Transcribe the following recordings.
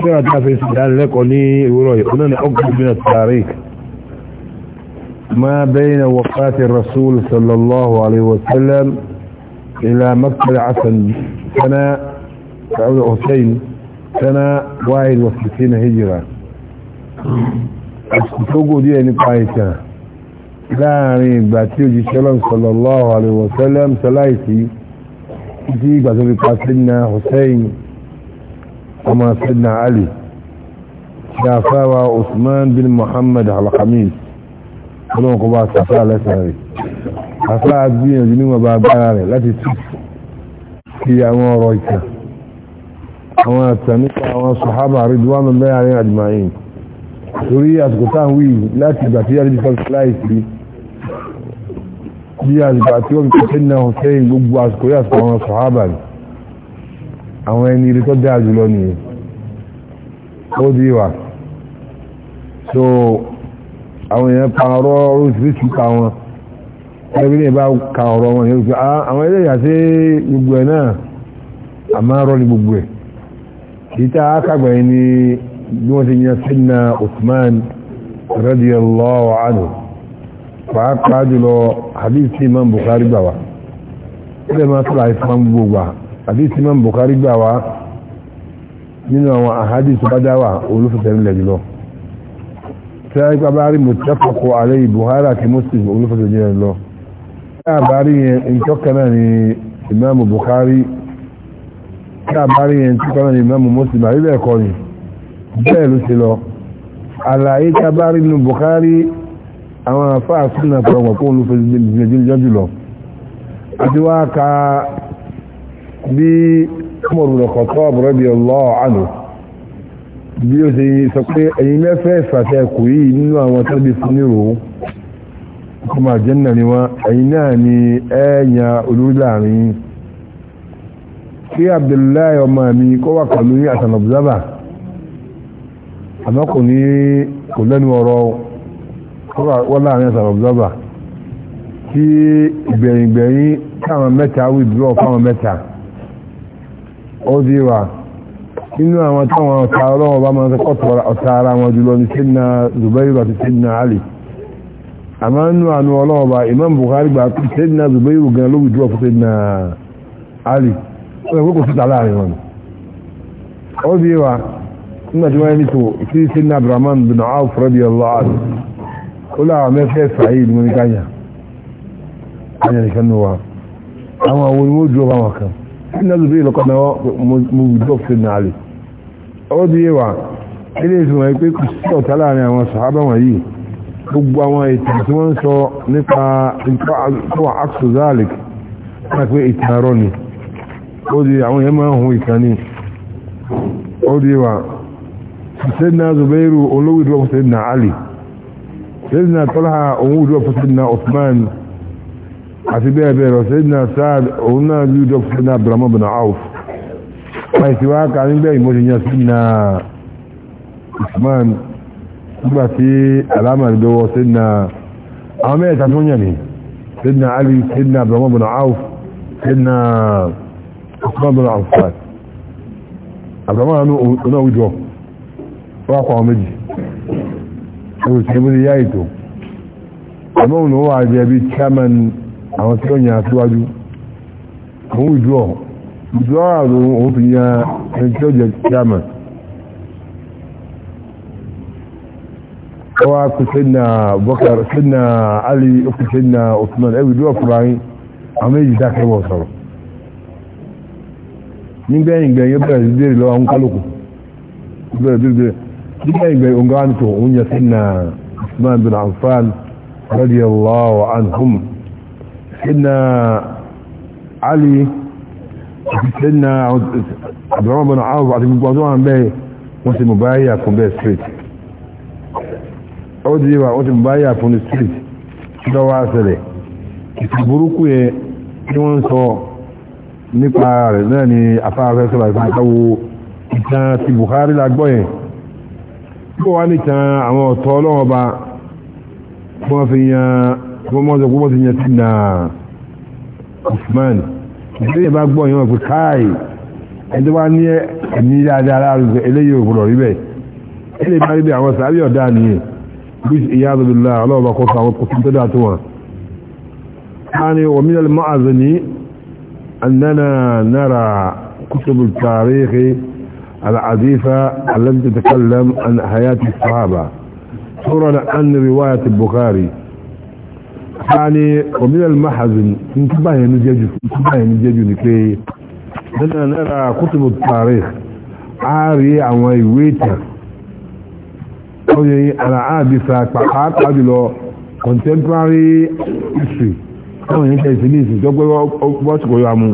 كما تعرفين وروي من التاريخ ما بين وفاة الرسول صلى الله عليه وسلم إلى مكة عسن سنة سعود حسين سنة واحد وستين هجرة اشتوقوا دي يعني قايتها يعني ìgbà tí ó صلى الله عليه وسلم سلايتي sọláìsí بعد ìgbà حسين ọmọ sidna ali ṣàfáwà usman bin muhammad alhamis ọlọ́run kọba sàfá lẹ́sàn rẹ̀ afá gbìyànjú ní wọ́n bá bára rẹ̀ láti tú sí àwọn ọ̀rọ̀ ìkà àwọn àtàníkà àwọn sọ̀hábà ridwan mẹ́rin àjùmáyìn torí àsìkò táwí láti ìgbà tí yàrá láìsí bí àsìkò àwọn ẹni ilé tó dáa jùlọ nìyẹn ó di wà so àwọn èèyàn pa ọ̀rọ̀ oríṣiríṣi pa wọn ẹgbẹ́ ní ìbá ka ọ̀rọ̀ wọn yóò fi ah, àwọn ilé ìyàsí gbogbo ẹ̀ náà àmọ́ ọ̀rọ̀ ni gbogbo ẹ̀ kìí tá a kàgbà yìí ni bí wọ́n ti yan sínú Usman radiyallahu anhu pàápàá jùlọ hadith imam Bukhari gbà wá ó lè máa sọ̀rọ̀ àìsàn gbogbo àdísì mọ́ Bukhari gbà wá nínú àwọn àhádì tó bá dáwà olúfẹ́sẹ̀rìnlẹ̀ jùlọ tí a ipá bá rí muttafaq alayhi Bukhari àti Muslim olúfẹ́sẹ̀rìnlẹ̀ jùlọ tí a bá rí yẹn ìjọkanáà ni imamu Bukhari tí a bá rí yẹn ìjọkanáà ni imamu Muslim àríbẹ̀ ẹ̀kọ́ ni bẹ́ẹ̀ ló ti lọ àlàyé tí a bá rí nínú Bukhari àwọn afáàsùn náà pọ̀lọpọ̀ olúfẹ́sẹ̀rìnlẹ̀ jùlọ àti wá ka bí Umar bin Khattab radiyallahu anhu bí ó ṣe sọ pé ẹ̀yin mẹ́fẹ́ ìfàṣẹ kò yìí nínú àwọn tẹ́lẹ̀ bí fún nírò ọmọ àjẹ́nà ni wọ́n ẹ̀yin náà ni ẹ̀yà olórí láàrin kí Abdullahi ọmọ mi kọ́ wà pẹ̀lú àtàn ní kò lẹ́nu ọ̀rọ̀ wọ́n láàrin àtàn kí ìgbẹ̀yìngbẹ̀yìn káwọn mẹ́ta withdraw fáwọn mẹ́ta ó di àwọn táwọn ọ̀tà ọlọ́wọ́ ma ń kọ́tọ̀ ọ̀tà ara wọn jùlọ ní sínà zubairu àti sínà ali àmá nínú àánú imam buhari gbà pé sínà zubairu gan ló wùdúwà sínà ali síta láàrin wọn àwọn àwọn nínú bí ìlọ́kọ̀ náà mo gbọ́ fi náà lè ọwọ́ bí wà ilé ìsìnkú wọn pé kò sí ọ̀tá láàrin àwọn sàábà wọ̀nyí gbogbo àwọn ìtàn tí wọ́n ń sọ nípa ìtọ́ axozalic náà pé ìtàn arọ́ ni ó di àwọn èèyàn máa ń hun ìtàn ni ó di wà sẹ́dínà zubairu olówó ìdúró fún sẹ́dínà ali sẹ́dínà tọ́lá òun ìdúró fún sẹ́dínà osman àti bẹ́ẹ̀ bẹ́ẹ̀ lọ sẹ́yìn náà sáàd òun náà lú dọ́kítà náà abdulhamid bin auf pàìsì wá ká nígbẹ́ ìmọ̀ṣẹ̀yàn sí náà usman nígbà tí alámà lọ́wọ́ sẹ́yìn náà àwọn mẹ́ta tó yàn ní sẹ́yìn náà ali sẹ́yìn náà abdulhamid bin auf sẹ́yìn náà usman bin auf fat abdulhamid náà òun náà kọ́ àwọn tí ó yàn aṣíwájú òun withdraw withdraw àrùn òun fi yan ẹni tí ó jẹ chairman kawa ku sinna bakar sinna ali ku sinna usman ewi duwa furayin a méjì dákẹ́ wọ́n sọ̀rọ̀ nígbẹ̀yìngbẹ̀ yóò bẹ̀rẹ̀ sí bèèrè lọ́wọ́ kálùkù bẹ̀rẹ̀ sí bèèrè nígbẹ̀yìngbẹ̀ ọgbà ń tó oúnjẹ sinna usman bin affan radiyallahu anhum سيدنا علي سيدنا عبد الرحمن بن عوف عبد المقبوضون عن باي وانت مبايع كون باي ستريت عودي يبقى وانت مبايع كون ستريت كده واسلي ìtàbùrúkú yẹ kí wọ́n sọ nípa rẹ̀ náà ni afáàfẹ́ sọ́lá ìfàkàwò ìtàn ti Bukhari lágbọ́ yẹn kí wọ́n wá ní ìtàn àwọn ọ̀tọ́ ọlọ́wọ́ bá wọ́n fi yan wọ́n mọ́ ọ̀sọ̀gbọ́n ti yẹn sínà Usman ìdílé bá gbọ́ yẹn wọ́n pé káàì ẹni tó bá ní ẹ̀mí dáadáa láàrúgbẹ eléyìí òkúrọ̀ rí bẹ́ẹ̀ eléyìí bá rí bẹ́ẹ̀ àwọn sàbí ọ̀dá nìyẹn bí ìyá àdúgbò ọlọ́ọ̀bá kọ́ sọ àwọn kòtò tó dáa tó wọn. ثاني ومن المعزن أننا نرى كتب التاريخ العديفة التي تتكلم عن حياة الصحابة صورة عن رواية البخاري ta ni ominal mahazin n tó báyẹ̀ ní jẹ́jù n tó báyẹ̀ ní jẹ́jù ni pé nínú náírà kútùbù tààrí a àwọn ìwé ìtàn ó ara àbísà pàápàá contemporary history táwọn yẹn tẹ̀sí ní ìsìn jọgbẹ́ wọ́sùkọ̀ yọ amú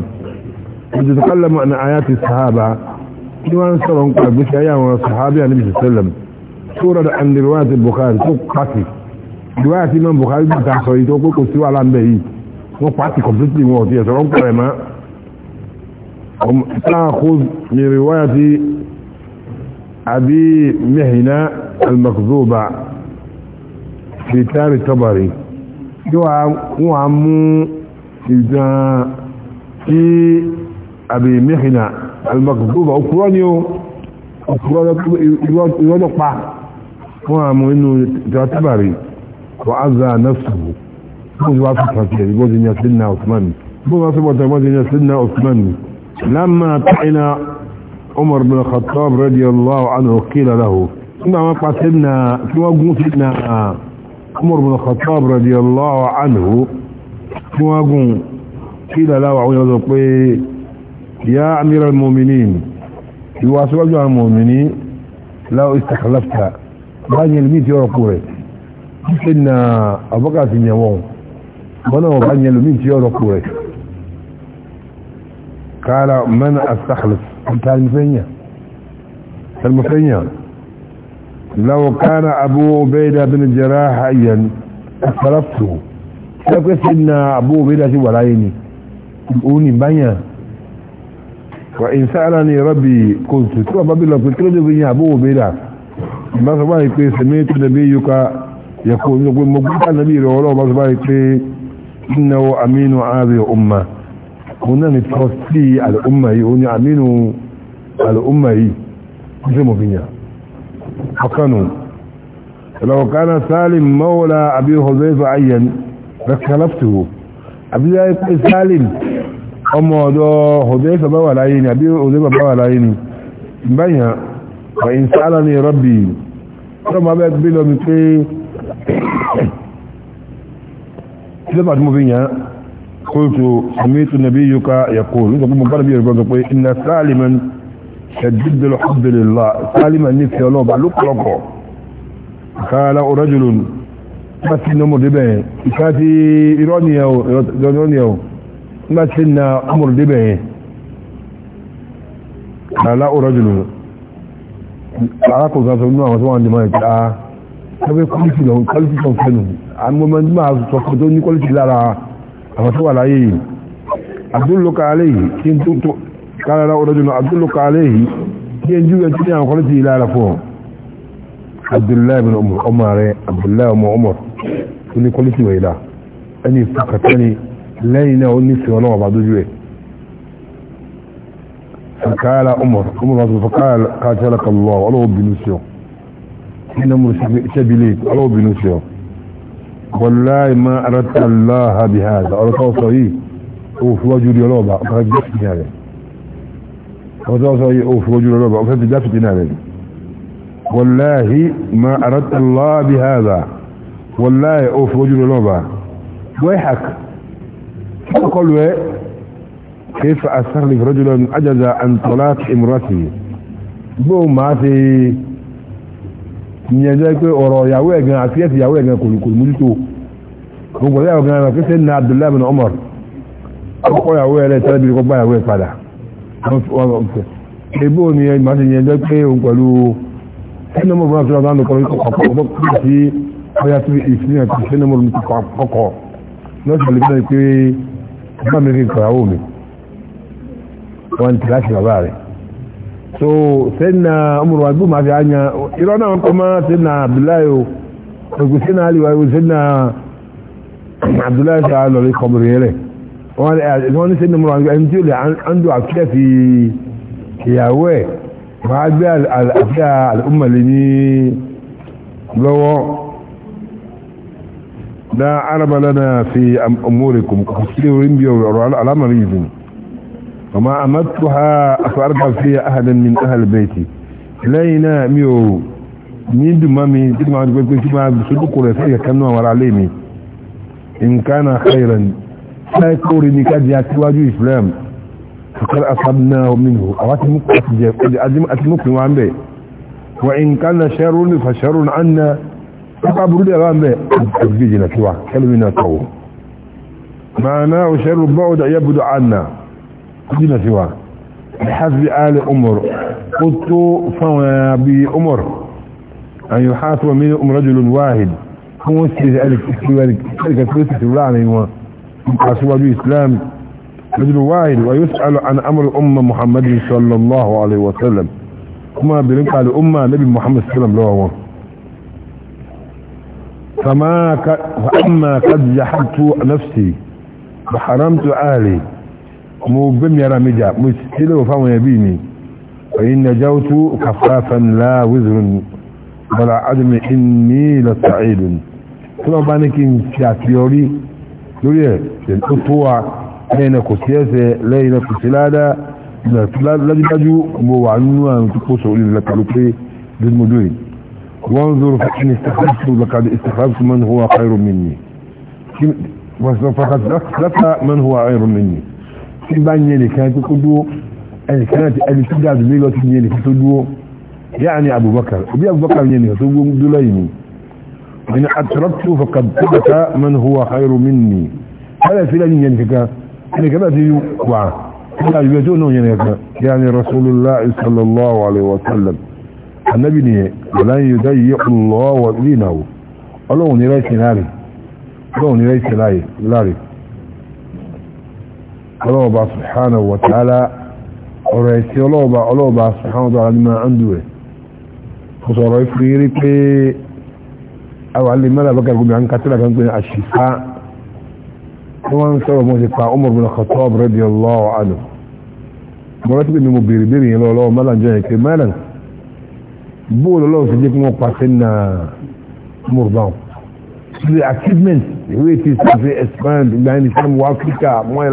ìjọ tó kálẹ̀ mọ́ àyà ti sàhábà kí wọ́n sọ̀rọ̀ ń pàgbéṣẹ́ ayé àwọn sàhábà níbi sẹ́lẹ̀m tó rọrọ̀ àndìrúwà ìwé àti imam buhari gbà ta sọ yìí tó pé kò sí wàhálà ń bẹ yìí wọ́n pàtì completely wọn ọ̀tí ẹ̀sọ̀rọ̀ ń pẹ̀rẹ̀ mọ́ ọmọkú ní ìwáyà ti àbí mẹ́hìnà almakzuba fi tàrí tọ́bàrí tí wọ́n a mú ìdán tí àbí mẹ́hìnà almakzuba òkúrọ́ ni ó òkúrọ́ ìrọ́lọ́pàá wọ́n a mú inú ìjọ tọ́bàrí وعزى نفسه بوز واسو تركيه بوز ان يسلنا عثمان بوز واسو بوز ان يسلنا عثمان لما طعن عمر بن الخطاب رضي الله عنه قيل له عندما قتلنا كما قتلنا عمر بن الخطاب رضي الله عنه كما قيل له عمر بن يا امير المؤمنين يواسو المؤمنين لو استخلفت بان يلميت يورا قوري ṣe na abọ́kà ti yẹn wọn wọn náà bá yẹn lómi tí ọ̀rọ̀ kù rẹ̀ kára mẹ́nà àtàkàlẹ̀ tàlmùfẹ́yà tàlmùfẹ́yà lọ́wọ́ kára Abu Ubayda bin Jarrah hayyan àtàlàfù ṣẹ́pẹ́ sí na Abu Ubayda sí wà láyé ni òun ní báyà wa in sáàlá ni rabbi qultu tí wọ́n bá bí lọ kí ló dé bí yẹn Abu Ubayda يقول يقول مقبوطة نبي رولو بصبعي في إنه أمين هذه الأمة هنا نتوصي على الأمة هنا أمين على الأمة مسلموا فينا حقنوا لو كان سالم مولى أبي حذيفة عين لكلفته أبي سالم أمه دو حذيفة بولا عيني أبي حذيفة بولا عيني بيها وإن سألني ربي ثم أبيت بلهم في kílẹ̀bà tí mo fi yàn kóòtù àmìtù nàbí yóká yàkó nígbà pé mo bá nàbí yorùbá sọ pé iná sálìmà ṣẹ̀dídìlọ ọ̀bẹ̀lẹ̀lá sálìmà ní fi ọlọ́ọ̀bà lókọ̀lọ́kọ̀ kààlà ọ̀rọ̀jùlù nígbà tí ní ọmọdé bẹ̀yẹn ìka ti irọ́niyàwó nígbà tí ní ọmọdé bẹ̀yẹn kààlà ọ̀rọ̀jùlù arákùnrin sọ nínú àmọ́mọ́dé máa sọ fún tó ní kọ́lẹ́tì lára àwọn tó wà láyé yìí abdulluka alayhi kí n tó tó kárára ọdọ́dún abdulluka alayhi kí n júwẹ́ tí àwọn kọ́lẹ́tì lára fún abdullahi bin umar ọmọ rẹ abdullahi ọmọ umar tó ní kọ́lẹ́tì wẹ̀ ìlà ẹni fàkàtẹ́ ni lẹ́yìn náà ó ní sèwọ́n náà bá dójú فقال عمر عمر رضي الله ولو بنسيو حين مرسل شبليك والله ما أردت الله بهذا أردت صحيح في وجه اليلوبة أردت جفت هذا أردت صحيح في وجه أو أردت جفت هذا والله ما أردت الله بهذا والله في وجه اليلوبة ويحك قال كيف أسر لك رجلا أجز عن طلاق امرتي بو ما في ìyẹn jẹ́ pé ọ̀rọ̀ ìyàwó ẹ̀gán àti ẹ̀sìn ìyàwó ẹ̀gán kò kò mójútó gbogbo ìyàwó ẹ̀gán rẹ̀ kẹsẹ̀ ní Abdullahi bin Umar akọ́kọ́ ìyàwó ẹ̀rẹ́ tẹ́lẹ̀ bí kò bá ìyàwó ẹ̀ padà ebó ni ẹ̀ máa ti yẹn jẹ́ pé òun pẹ̀lú sinamu bọ́lá tó lọ́dọ̀ kọ́ ọkọ̀ sí ọyá tó ìsinmi àti sinamu ló ti kọ́kọ́ lọ́sọ̀ lè fẹ́ pé bá mi kí n kọ̀ so sayyidina umar wa gbọ́n ma fi anya irọ́ náà wọ́n kọ́ mọ́ sayyidina abdullahi o ogun sayyidina ali wa sayyidina abdullahi sa lọ́rí kọmọrin rẹ̀ eh, wọ́n ní sayyidina umar wa ẹni tí ó lè andu àfíà fi ìyàwó ẹ̀ wàá gbé àfíà al'ummali ní lọ́wọ́ da araba fi amurikum kò sí orí bí ọ̀rọ̀ alámàrí yìí وما أمدتها أفأرجع فيها أحدا من أهل بيتي لينا ميو من دمامي تجمع تجمع بصدق رفيق كانوا ورا عليمي إن كان خيرا لا يكوري نكاد يعتواجه إسلام فقد أصبناه منه أواتي أتمكن وعن به وإن كان شر فشر عنا فقابلوا لي وعن به أتفجينا كوا كلمنا طوه معناه شر بعد يبدو عنا دينا سواه بحسب آل أمر قلت فما بأمر أن يحاسب من أم رجل واحد موسيس ألك ألك سلسة الله وحاسب بإسلام رجل واحد ويسأل عن أمر أم محمد صلى الله عليه وسلم كما بلنك على نبي محمد صلى الله عليه وسلم فما ك... فأما قد جحبت نفسي وحرمت آلي mo gbẹ́mí ara mi jà mo sílẹ̀ wọ fáwọn ẹbí mi ọ̀yìn najautu kafafan la wizrun bala adami inni la sa'idun tí wọ́n bá ní kí n fi àfiyọrí lórí ẹ̀ tẹ̀lé tó tó wa lẹ́yìn kò sí ẹsẹ̀ lẹ́yìn kò sí ládá lájúdájú mo wà nínú àwọn tó kóso orí ìlẹ̀ pẹ̀lú pé dúdúmọdú yìí wọ́n zọrọ fún ìsìtàfàṣù lọ́kàdé ìsìtàfàṣù mọ́n hùwà khairu minni tí bá yẹn nìkan tó kó dúó ẹnìkan náà ti ẹni tó dáàbò mí lọ sí yẹn nìkan tó dúó yáà ni Abubakar òbí Abubakar yẹn nìkan tó dúó lẹ́yìn mi ẹni àtúrọ́tù fọkàtúbàtà man huwa khairu minni wọ́n fi lẹ́yìn yẹn nìkan ẹnìkan náà ti wà nígbà ìgbẹ́ tó náà yẹn nìkan yáà ni Rasulullah sallallahu alayhi wa sallam annabi ni wàlá yìí dá yìí kùn lọ́wọ́ lẹ́yìn náà ọlọ́run ni rẹ̀ ṣe láàrin ọlọ́run ni rẹ̀ ṣe láàrin ọlọ́ọ̀bá subhanahu wa ta'ala ọ̀rọ̀ ẹ̀sẹ̀ ọlọ́ọ̀bá ọlọ́ọ̀bá subhanahu wa ta'ala ní máa ń dù rẹ̀ kò sọ̀rọ̀ ìfìrí pé àwọn alẹ́ mẹ́rin àbẹ́kà gómìnà ń kátìlá kan pé àṣìfá tí wọ́n ń sọ̀rọ̀ mọ́ sí pa Umar bin Khattab radiyallahu anhu mo rántí pé mi mo bèrè bèrè yẹn lọ́wọ́ mẹ́lá jọ yẹn pé mẹ́lá bóòlù ọlọ́run ti jẹ́ kí wọ́n pàṣẹ achievement ìwé ti expand ìgbà yẹn ní sẹ́mu Áfíríkà mọ́ ẹ̀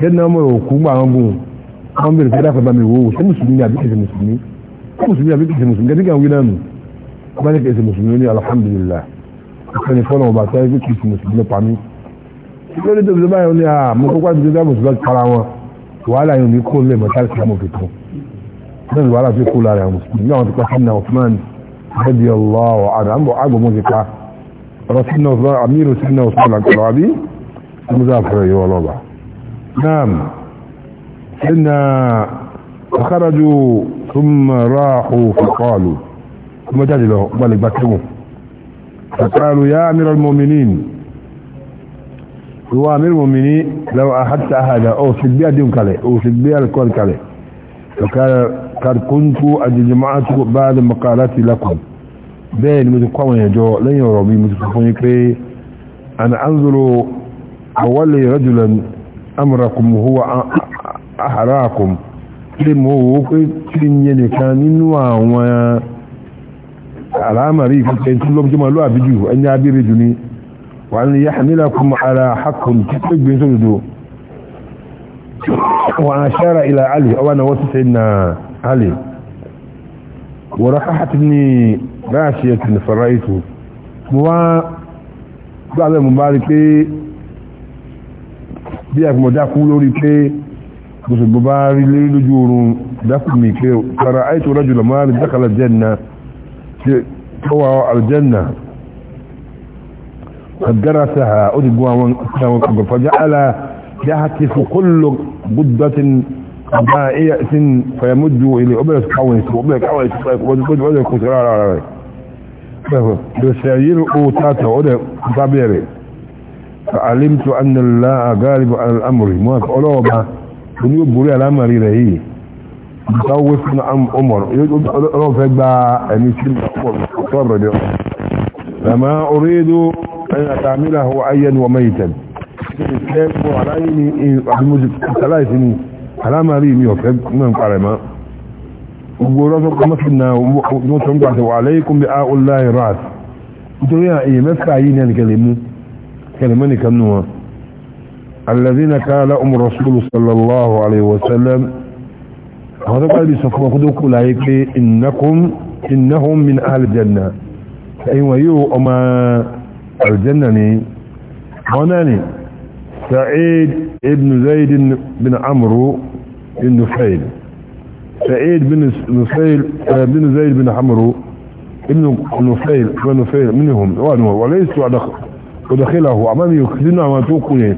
sẹ́dínà ọmọ òkú gbà wọn gùn wọn bèrè fẹ́ dáfẹ́ bá mi wò ó ṣé mùsùlùmí àbí kìí mùsùlùmí ṣé mùsùlùmí àbí kìí mùsùlùmí gẹ́gẹ́ wí náà ọba ní kìí mùsùlùmí ní alhamdulillah ọ̀sẹ̀ni fọ́nà ọba tó ẹgbẹ́ kìí mùsùlùmí pa mí. ṣé ló dé báyọ̀ ní àmọ́ ní kó lè mọ̀ táì yọ ọlọ́ba. نعم حين خرجوا ثم راحوا فقالوا ثم جاء له ملك بكرمه فقالوا يا أمير المؤمنين هو أمير المؤمنين لو احدت هذا او سبيا دينك عليه او سبيا الكون عليه فقال قد كنت قد جمعت بعد مقالاتي لكم بين متقوم يجو لن يرى بي متقوم يكري انا انظر اولي رجلا amúrakùn huwa àhàrákùn lè mọ́ owó pé kí n yẹ nìkan nínú àwọn alámàrí ìfẹ́ tí lọ́pọ̀ jọmọ̀ lọ́wọ́ àbíjù ẹni abírí jù ní wà ní yá nílá kùn ara hakùn tí pé gbé sódòdó wà á ṣára ilẹ̀ alì ọwá na wọ́n ti na alì wọ̀rọ̀ hàtí ní bí àgbọ̀n dákú lórí pé gbogbo bá rí lérí lójú oorun dákú mi pé fara àìtò rájù lọ máa rí dákàlà jẹ́nà tó wà aljanna àgára sáà ó ti gún àwọn ọgbọ̀n fàjá àlà يهتف كل قدة بائية فيمد إليه وبلس فعلمت أن الله غالب على الأمر موك أولوبا بنيو بوري على أمري رهي متوف من عمر يقول فيبا أميسين أمر فما أريد أن أتعمله عيا وميتا كيف عليني المجد ثلاثني على أمري ميو فيبا قرما وقرأتك مثلنا وعليكم بآء الله راس قلت له يا إيه مسكعين يعني كلمه كلمني كنوا الذين كان لهم الرسول صلى الله عليه وسلم هذا قال لي سوف خذوك لايك انكم انهم من اهل الجنه ايوه ويو اما الجنه ني هناني سعيد ابن زيد بن عمرو بن نفيل سعيد بن نفيل آه، بن زيد بن عمرو ابن نفيل ابن نفيل منهم وليس على ودخله أمامي يكذنه وما توقنه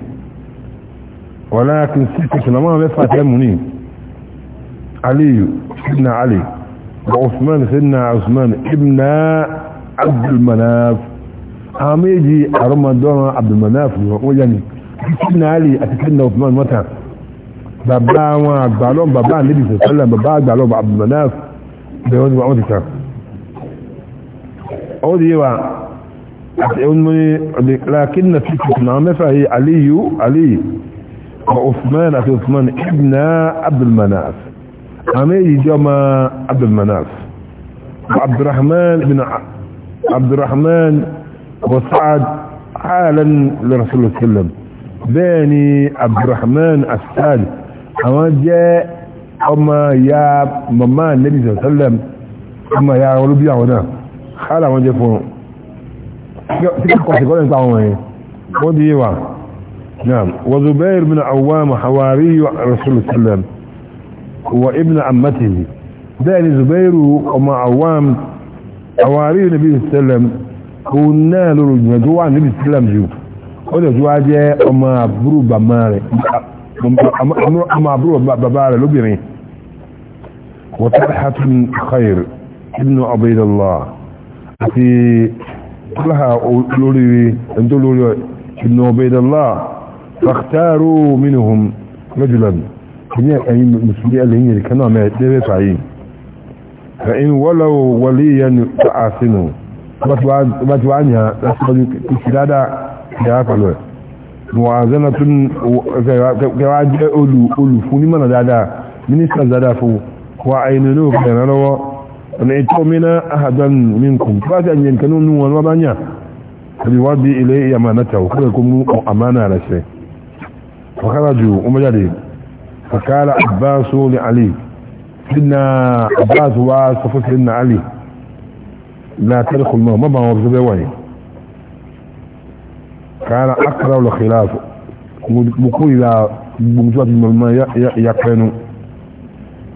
ولكن ستة لما مفع تأمني علي سيدنا علي وعثمان سيدنا عثمان ابن عبد المناف عميجي أرمان دون عبد المناف ويعني سيدنا علي أتسيدنا عثمان متى بابا وعبالون بابا النبي صلى الله عليه وسلم بابا وعبالون عبد المناف بيوزي وعودي كان عودي وعودي لكن في كتنامة فهي علي علي وعثمان في عثمان ابن عبد المناف عمي جمع عبد المناف عبد الرحمن بن عبد الرحمن وسعد حالا لرسول الله صلى الله عليه وسلم بني عبد الرحمن السادس جاء اما يا مما النبي صلى الله عليه وسلم اما يا ولو بيعونا خالا ما جاء فون ودي نعم وزبير بن عوام حواري رسول الله سلم وابن عمته داني زبير وما عوام حواري النبي وسلم كنا لرجوع النبي عليه وسلم وده جواجة وما برو بماري وما برو بباري لبيني وطلحة خير ابن عبيد الله في لها لوري انتو لوري ابن عبيد الله فاختاروا منهم رجلا يعني مسؤولية اللي هي كانوا معتبه صحيح فإن ولو وليا تعاسنه بات وعنها كسلادة كيف الوقت معازنة كواجه أولو أولو فوني من دادا منيسا زادا فو وعيننوه كيانا لوه ọ̀nà ìtọ́ mi náà ahadan minkum tó bá ti àyẹ̀ nǹkan nínú wọn wọ́n bá yà tàbí wá bí ilé ìyàmà náà kó lè kó mú àmánà rẹ̀ ṣe fakara ju ọmọ jáde fakara abbasu ni ali sinna abbas wa sọfọ sinna ali la tẹ́lẹ̀kùn wọn fi bẹ́ wáyé kara akara lọ ìlà gbogbo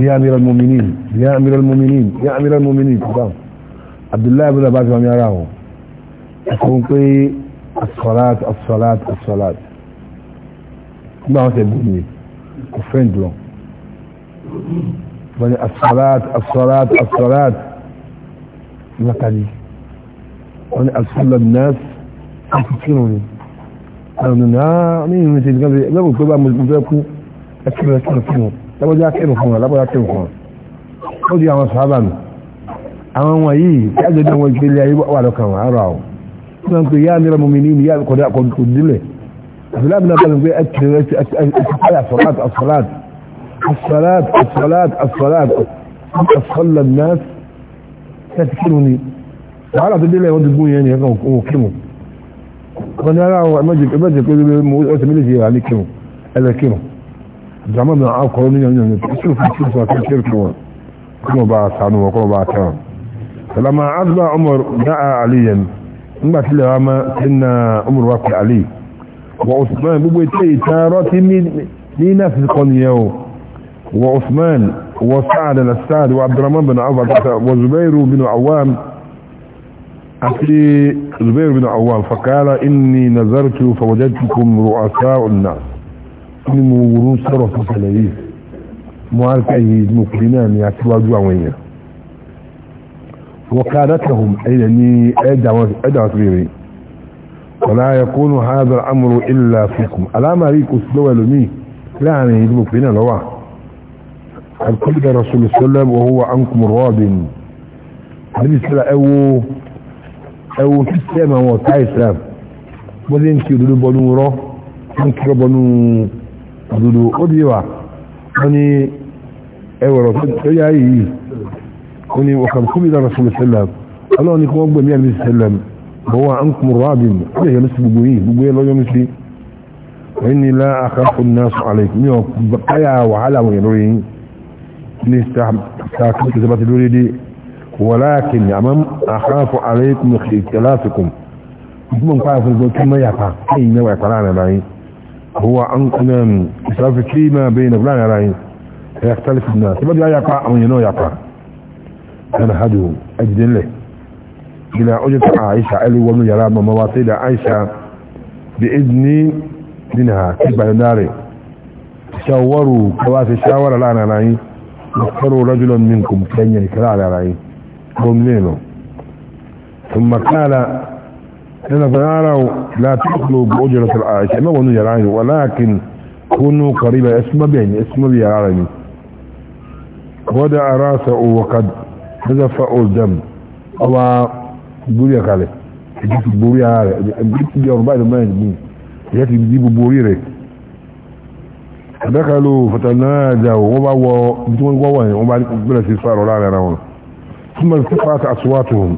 يا امير المؤمنين يا امير المؤمنين يا امير المؤمنين عبد الله بن عباس ما يراه يكون في الصلاة الصلاة الصلاة ما هو تبني كفين دلون بني الصلاة الصلاة الصلاة ما تاني أنا أصلي الناس أفكروني أنا مين مثل قبل قبل قبل مزبوط أكبر أكبر فيهم lábọ́já kẹrù fún wọn lábọ́já kẹrù fún wọn ó di àwọn sàábà nù àwọn wọn yìí kájọ náà wọn gbélé ayé wà lọ́kàn wọn ara ọ̀ tí wọ́n pe yá mìíràn mọ́mí ní ìyá kọ̀dá kò dílẹ̀ àfìláàbì náà bẹ̀rẹ̀ pé ẹ̀kì rẹ̀ ti káyà asọ́láàt asọ́láàt asọ́láàt asọ́láàt asọ́láàt asọ́láàt náà tẹ́tí kírù ni wàhálà tó délẹ̀ wọ́n ti gún yẹn nìkan òun kírù wọn ni ara àwọn ẹmẹ́jẹ̀ pé ó ti mílíọ̀tì yẹn wà ní kírù ẹlẹ́kírù فلما عزب عمر دعا عليا ما عمر واقي علي وعثمان بوبي تي تارات من من ناس كون يو وعثمان وسعد الاستاذ وعبد الرحمن بن عوف وزبير بن عوام أخي زبير بن عوام فقال إني نظرت فوجدتكم رؤساء الناس ní mo wúrú sọ̀rọ̀ fún tẹ̀lẹ̀ yìí mo á ká yìí mo kùrí náà ní aṣíwájú àwọn èèyàn wọ́n ká dátàhùn ẹ̀yẹ̀ ní ẹ̀dà wọn sí rèé wọ́n á yẹ kó nù hádà amúrò ìlà fìkùn alámàrí kò sí lọ́wọ́ ẹlòmíì láàrin yìí mo kùrí náà lọ́wọ́ àkọ́lùkẹ́ rasulù wọ́n òdòdó ó di wà wọ́n ni ẹwọ̀rọ̀ tó yá yìí wọ́n ni ọkàn fún ìdára sọ̀rọ̀ sẹ́lẹ̀m ọlọ́run ni kí wọ́n gbẹ̀mí àmì sẹ́lẹ̀m bọ́wọ́ à ń kún rọ́bìn ó lè yẹnu sí gbogbo yìí gbogbo yẹn lọ́yọ́ sí wọ́n ni lá àkàkùn náà sọ àlẹ́ mi ò báyà wàhálà wọ̀nyí lórí yìí ní sàkóso sábà ti lórí dé wọ́láàkìn àmọ́ àkàkù àlẹ́kùn ìkẹlásìkùn gbọ́n pàáfin gbọ́n kí mọ́ yàpá kí ìyẹn wà ìpàlà àrẹ̀ báyìí هو أنقنا إسراف فيما بين فلان يرعين يختلف الناس يبدأ يقع أو ينو يقع أنا هدو أجد له إلى أجد عائشة علي ومن يرام مواصيل عائشة بإذن منها كبه ناري شاوروا كواسي شاور الآن يرعين نختاروا رجلا منكم كان ينكرا على رعين هم ثم قال هنا فنعلوا لا تدخلوا بأجرة العائشة ما بنو يرعاني ولكن كنوا قريبا اسم بيني اسم بيرعاني ودع راسه وقد نزف الدم أو بوريا قال جيت بوريا على جيت بأربعة ما يجبين جيت بجيب بوري دخلوا فتنادوا وما هو انتم وين وما بلا سفار ولا لا ثم ارتفعت أصواتهم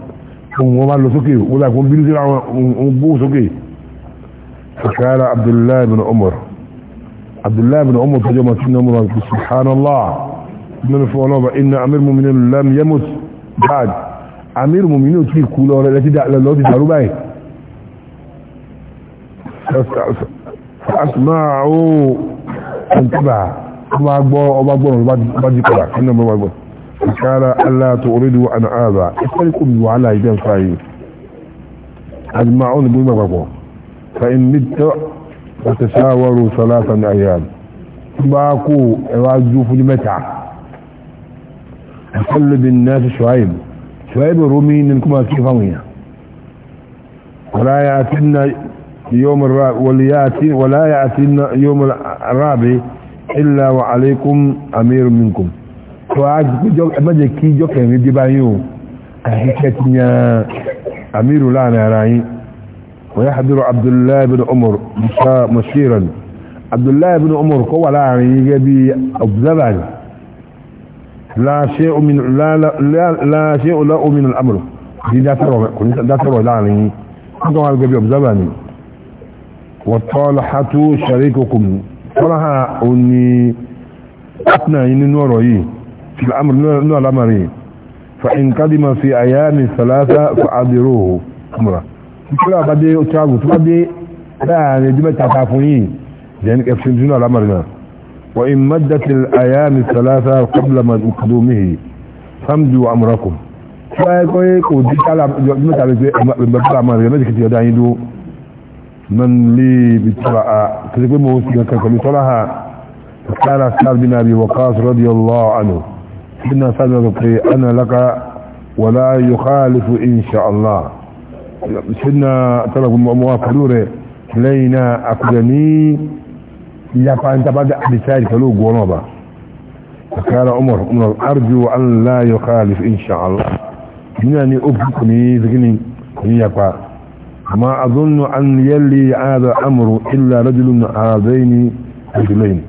ohun wọn bá lọ sókè wọn bá fún bínú sí àwọn ohun gbóhùn sókè fakara abdullahi bin umar abdullahi bin umar tọjọ ma tún náà kò subhanallah mẹ́rin fún ọlọ́ba inna amir muminin lam yamut bad amir muminin ò tí kú lọ rẹ̀ lọ ti dàrú báyìí fa'asma'u an taba ọba gbọ́ ọba gbọ́ ọba jí padà kí náà ọba gbọ́ فقال ألا تؤردوا ان اذا إخوانكم وعلى إيدان صحيح أجمعون بما بقوا فإن مت فتشاوروا ثلاثا أيام باكو اواجو في المتعة اقل بالناس شعيب شعيب رومي منكم كيف أمية ولا يأتينا يوم الرابع ولا يأتينا يوم الرابع إلا وعليكم أمير منكم tó a jù pé ẹgbẹ́jẹ̀ kí ijọ́ kẹrin dé bá yín o àti kẹtì yan amiru láàrin ara yín wọ́n yá hadúrà abdullahi bin umar musa mushiran abdullahi bin umar kọ́ wà láàrin yín gẹ́gẹ́ bí abdullahi la ṣe ọlá ha òní partner yín nínú ọ̀rọ̀ yìí في الأمر نوع الأمرين فإن قدم في أيام ثلاثة فعذروه أمره كلا بدي أتعبوا تبدي لا ندمة تعتافوني لأنك أفشنتين على أمرنا وإن مدت الأيام الثلاثة قبل من قدومه فامدوا أمركم فأيكويك وديك على مدت أمرنا ماذا كنت يدعيدوا من لي بطرأة تذكر موسيقى كالكمي طرها فقال أسكار بن أبي وقاص رضي الله عنه ina sadar kai ana laka wala yi khalifu insha Allah suna talabin mamuwa kalure laina a kudani ya fahimta ba da abisari kalu goma ba a kara umar umar arju an la yi khalifu insha Allah yana ne uku ne zikini kun ya fa amma azunnu an yalli hada amru illa rajulun hadaini rajulain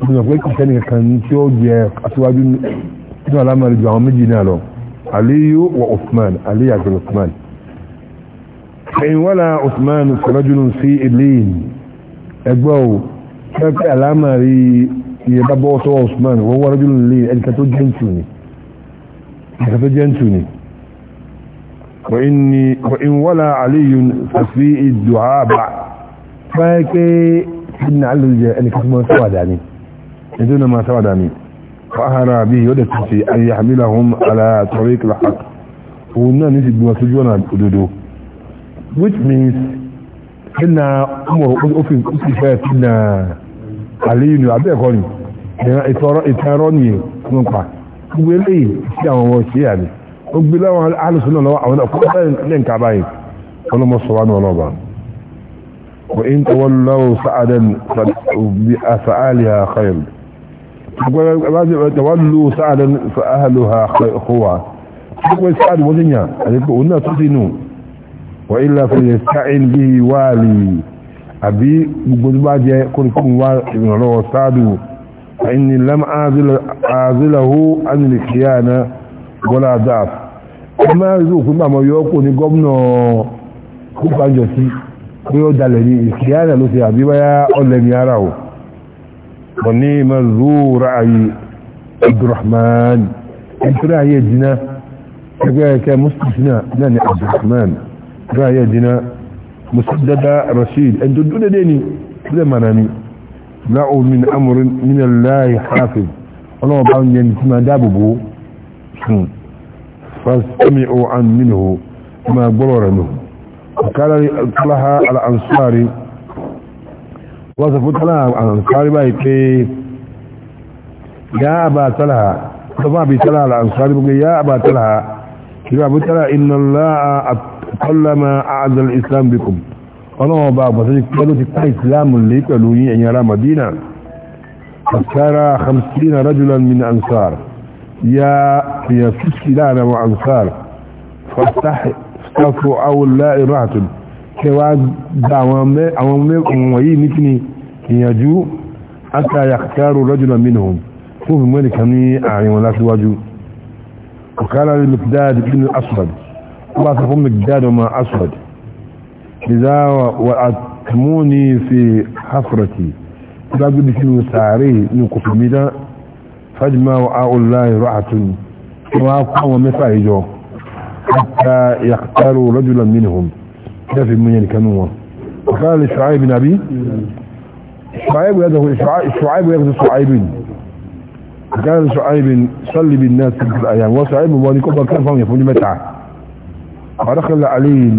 kuma kai kan kan ciyo je asuwajin nínú alámàrí ju àwọn méjì náà lọ aliyu wa usman aliyu àti usman ẹ̀yìn wọ́la usman sọ̀rọ̀jùlù sí ilẹ̀yìn ẹgbọ́ o pẹ́pẹ́ alámàrí iye bá bọ́ sọ́wọ́ usman wọ́n wọ́n rọ́jùlù lè ẹnìkan tó jẹ́ntù ni ẹnìkan tó jẹ́ntù ni wọ́n wọ́la aliyu sí ìdùhábà pẹ́pẹ́ ẹnìkan tó máa sáwàdà ni فأهنا به يدفت أن يحملهم على طريق الحق وقلنا نسي بمسجونا الأدودو which means إن أمر أفن أفن إن علي عبد أخوني إتاروني منقع ويلي إسلام وشياني وبلا وعلى أهل السنة وانا أقول لين كعباين ولا مصران ولا بعض وإن تولوا سعدا فبأفعالها خير tawallu sa'adan fa ahluha khuwa ko sa'ad wajnya alipo unna tudinu wa illa fa yasta'in bihi wali abi gbogbo ba je kurkun wa ìrànlọ́wọ́ sa'adu fa inni lam azil azilahu an al-khiyana wala da'f ma zu kun ba mo yo ni gomno ku banjo ko yo dale ni lo se abi baya o le ni ونعم ذو رعي عبد الرحمن انت رعي جنا كمستثنى لاني نعم عبد الرحمن رعي جنا مسددة رشيد انت دون ديني ده منامي لا من امر من الله حافظ الله بعون ينتما يعني داببو فاستمعوا عن منه ما قرر منه وقال لها على انصاري wọ́n sọ fún tọ́lá àǹsárí báyìí pé yá àbá tọ́lá sọ fún àbí tọ́lá àǹsárí gbogbo yá àbá tọ́lá ìlú àbí tọ́lá iná láà tọ́lámà àzàl islam bikum ọlọ́wọ́ bá àgbàsí pẹ́lú ti ká kẹwa gba àwọn mẹ́kùn wọ̀nyí ní kí ni ìyànjú àtà yàkàtàrò rọ́jùlọ mìíràn fún ìmọ̀ nìkan ní àárín wọn látíwájú ọ̀kára Miqdad ibn Aswad ó bá sọ fún Miqdad ọmọ Aswad ìzá wà àtìmúni fi hafrati gbágbébí sínú sàárè ní kòfòmídá fajma wa áùláì rọ́hàtún wọ́n á kọ́ àwọn mẹ́fà ìjọ àtà yàkàtàrò rọ́jùlọ mìíràn دافع منين كانوا وقال لشعيب بن أبي شعيب هذا شعيب يغزو شعيب قال شعيب صلي بالناس تلك الأيام يعني وشعيب واني كبر كان فهم يفهم متعة ودخل علي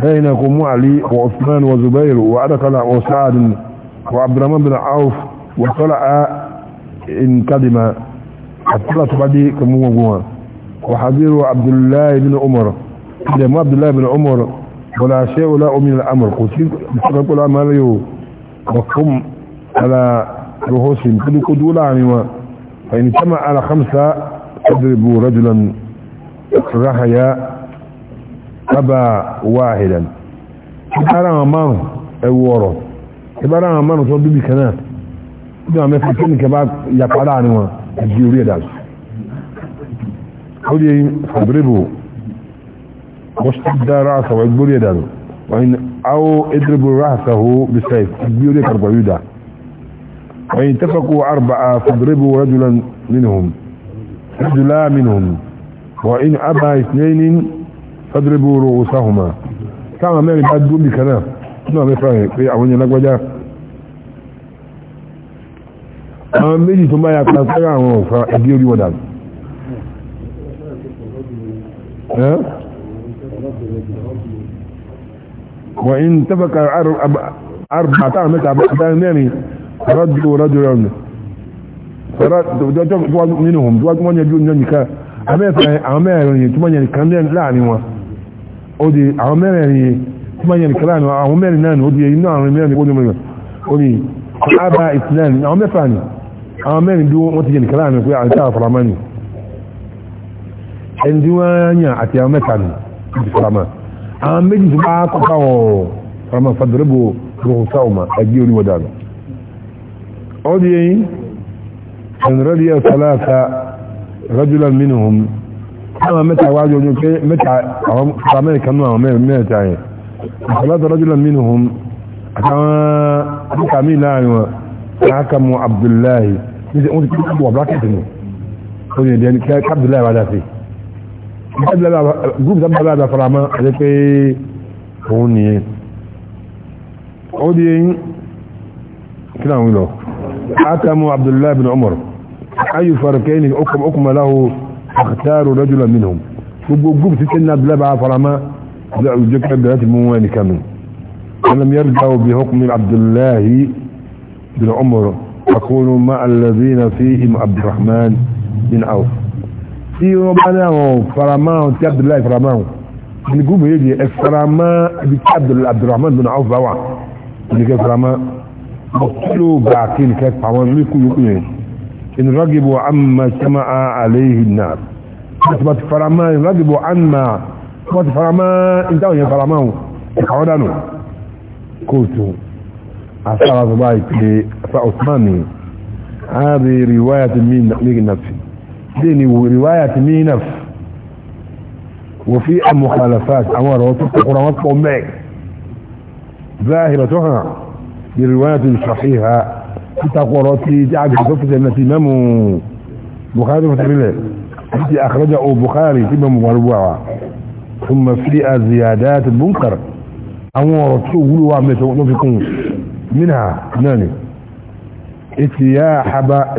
حين يقوم علي وعثمان وزبير وأدخل وسعد وعبد الرحمن بن عوف وطلع ان قدم حصلت بعدي كموه وحبيره عبد الله بن عمر لما عبد الله بن عمر ولا شيء ولا من الأمر قلت بسبب كل ما له وقم على رؤوسهم كل قدولا عنه فإن اجتمع على خمسة تضرب رجلا رحيا أبا واحدا إبارة أمان أورو إبارة أمان صدو بكنا إذا ما يفكرني كباب يقال عنه الجيورية دال قولي تضربوا واشتد رأسه واجبر يدانه وإن أو اضرب رأسه بالسيف اجبر يكر بعيدا وإن اتفقوا أربعة فاضربوا رجلا منهم رجلا منهم وإن أبى اثنين فاضربوا رؤوسهما كما ما يبعد دون بكنا ما بفاهم في أولي لقوجا àwọn méjì tó máa yàtọ̀ sára àwọn ọ̀fà ẹgbẹ́ orí wọ́dà وإن تبقى أربعة متى أبعدان ناني رجل رجل فرد منهم دوات من يجون يعني أمامي تمانيا كان لاني وا ودي أمامي كلا كلاني أمامي ناني ودي ينوع أمامي ودي مجمع ودي أبا إثنان أمامي فاني أمامي دو وتجين كلاني في عالتاء فرماني عندي وانيا أتيا مكاني في فرمان àwọn méjì tó bá kọ́kọ́ wọ̀ ọmọ fàdúrébò rọ̀hùsá ọmọ ẹgbẹ́ oníwọ̀dà lọ ọdí yẹn ẹn rẹ́dí ẹ̀ sọ́láta rẹ́júlá mínúhùn àwọn mẹ́ta wájú ọjọ́ pé mẹ́ta àwọn amẹ́ríkà náà àwọn mẹ́ta yẹn sọ́láta rẹ́júlá mínúhùn àtàwọn àdúkà míì láàrin wọn láàkàmù abdullahi groupe d'abord là vraiment avec on y odi kina wilo atamu abdullah ibn umar ay farqain ukum ukum lahu رجلا منهم وبوقف سيدنا عبد الله فرما ولم يرجعوا بحكم عبد الله بن عمر اقول مع الذين فيهم عبد الرحمن بن عوف tí wọ́n bá ní àwọn faramaun tí abdullahi faramaun gbogbo mo yéde ẹ farama ibi tí abdulrahman bin awf bá wà nìkẹ́ farama bọ́kúlò bá kí nìkẹ́ pàwọn lókù yókù yẹn in ragibu amma sama alayhi nar wọ́n ti farama in ragibu amma wọ́n ti farama in táwọn yẹn faramaun ẹ̀kọ́ dànù kóòtù asára tó báyìí pé osmani هذه رواية من نفسي ديني ورواية مينف وفي مخالفات عمار وصف القرآن ظاهرة ظاهرتها برواية صحيحة تقرأتي تعجب صفة التي نمو بخاري فتح التي أخرجه بخاري تبا مباربوعة ثم في زيادات المنكر أمر تقول وعمته نفقون منها ناني اتياح با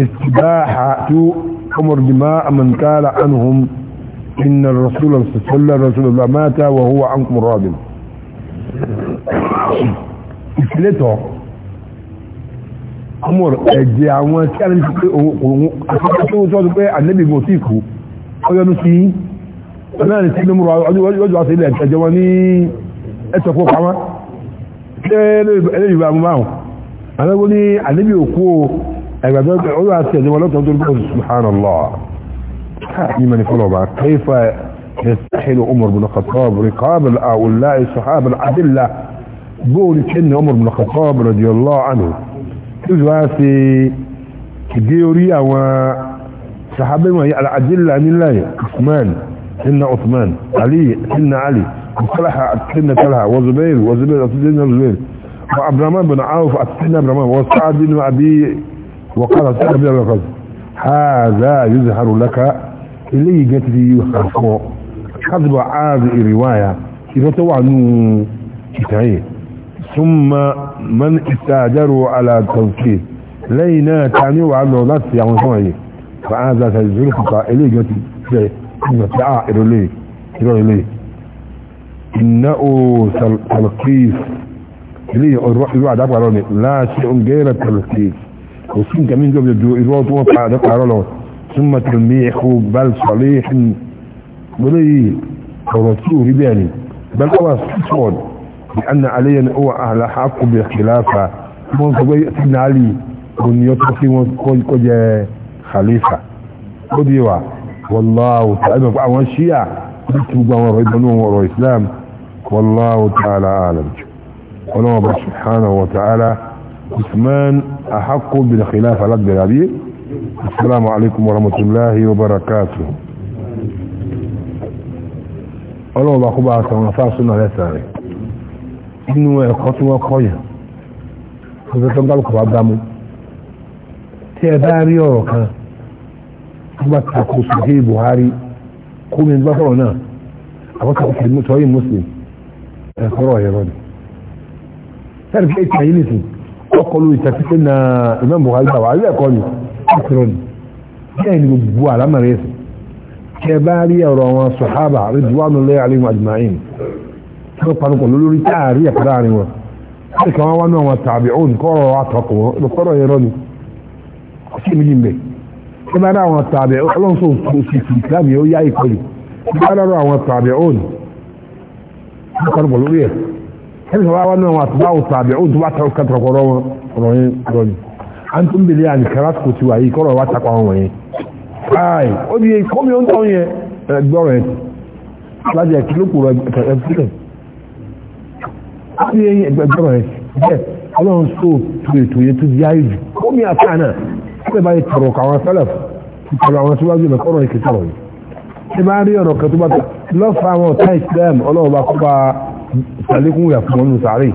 استباحة أمر دماء من قال عنهم إن الرسول صلى الله عليه وسلم مات وهو عنكم راض ìfìlétọ̀ ọmọ ẹ̀jẹ̀ àwọn tí a lè fi pé òun àkọ́kọ́ tó tọ́jú pé ànẹ́bì mọ̀ sí ìkú ọyọ́nú sí ọlọ́rin tí ló múra ọjọ́ àti ilẹ̀ ẹ̀jẹ̀ wọn ní ẹ̀sọ̀pọ̀ pamọ́ ايوه اقول على السيد عبد تقول سبحان الله ايمان فلوبا كيف يستحيل عمر بن الخطاب رقاب الأولاء الصحابة العدلة قول كن عمر بن الخطاب رضي الله عنه كيفاسي كديوري او صحابه ما الادله من الله عثمان سيدنا عثمان علي سيدنا علي وطلحه سيدنا طلحه وزبير وزبير سيدنا زبير وعبد الرحمن بن عوف سيدنا عبد الرحمن وسعد بن عبي. وقال تعالى لقد هذا يظهر لك اللي جت لي يخافوا كذب عاد الرواية إذا توعنوا كتعين ثم من استاجروا على توكيد لينا تعني وعنه ناس يعمل فهذا سيزرقك اللي جت لي تعائر لي إليه إنه تلقيف لي الروح الوعد لا شيء غير التلقيف وفين كمين قبل يروت وقع دقع له ثم تلميح بل صليح ولي ورسول رباني بل هو صفون لأن علي هو أهل حق بالخلافة منصبي سيدنا علي بنيته من كل خليفة قديوا والله تعالى فأوان الشيعة بيتوا وربنون وروا الإسلام والله تعالى أعلم ولو سبحانه وتعالى عثمان أحق بالخلاف على الدرابي السلام عليكم ورحمة الله وبركاته ọlọ́wọ́ bá kó bá sọ wọn fáà súnà lẹ́sà rẹ̀ inú ẹ̀kọ́ tí wọ́n kọ́ yẹn tó fẹ́ tán kálukú bá gbámú tí ẹ bá rí ọ̀rọ̀ kan tó bá takò sọ̀hí Buhari kó mi bá sọ̀rọ̀ náà àwọn kan kìí sọ̀hí Muslim ọkọlù ìtàkìtì na imam buhari bàbá àríwá ẹ̀kọ́ ni ìṣòro ni bẹ́ẹ̀ ni gbogbo àlámọ̀rẹ́ ẹ̀sìn kẹ bá rí ọ̀rọ̀ wọn sọ̀hábà rẹ̀dùwánu lẹ́yìn àríwá àjùmáyìn tí wọ́n panukọ̀ lórí táàrí ẹ̀kọ́dá àárín wọn láti kàn wọ́n wá náà wọn tàbí òun kọ́rọ̀ àtọkùn wọn lọ́kọ́rọ̀ yẹrọ ni kò sí èmi jìnbẹ̀ kẹ bá rá wọn tàbí ọlọ́sọ̀ òsìsì ìsìlámì ó yá ìkọlù kẹ bá rá wọn tàbí òun kọ́rọ̀ lórí ẹ̀sìn kẹ́mi sọ wá wọn náà wọn àtúbà òtò àbẹ̀ ó dùbà tó kẹtọ̀ kọ́rọ́ wọn ọ̀rọ̀ yẹn lọ ni à ń tún bèlè àní kẹrà kò ti wà yìí kọ́rọ̀ wá takọ̀ àwọn wọ̀nyẹn. káì ó di yẹn kọ́mi ohun táwọn yẹn gbọ́rọ̀ yẹn láti ẹ̀kí ló kúrò ẹ̀fílẹ̀ ó di yẹn gbọ́rọ̀ yẹn bẹ́ẹ̀ ọlọ́run sọ tó ètò yẹn tó di ayé jù kọ́mi àtànà ó bá yẹ tọrọ káwọn sẹlẹ̀ tọrọ àwọn síwájú rẹ̀ kọ́rọ̀ yẹn kì í tọrọ yẹn. ṣé bá rí ọ̀rọ̀ kan tó bá tọ̀ lọ́fà àwọn ọ̀tá ìsìlẹ̀m ọlọ́run bá kọ́ bá sàlékún ìyà fún ọmọ sàárè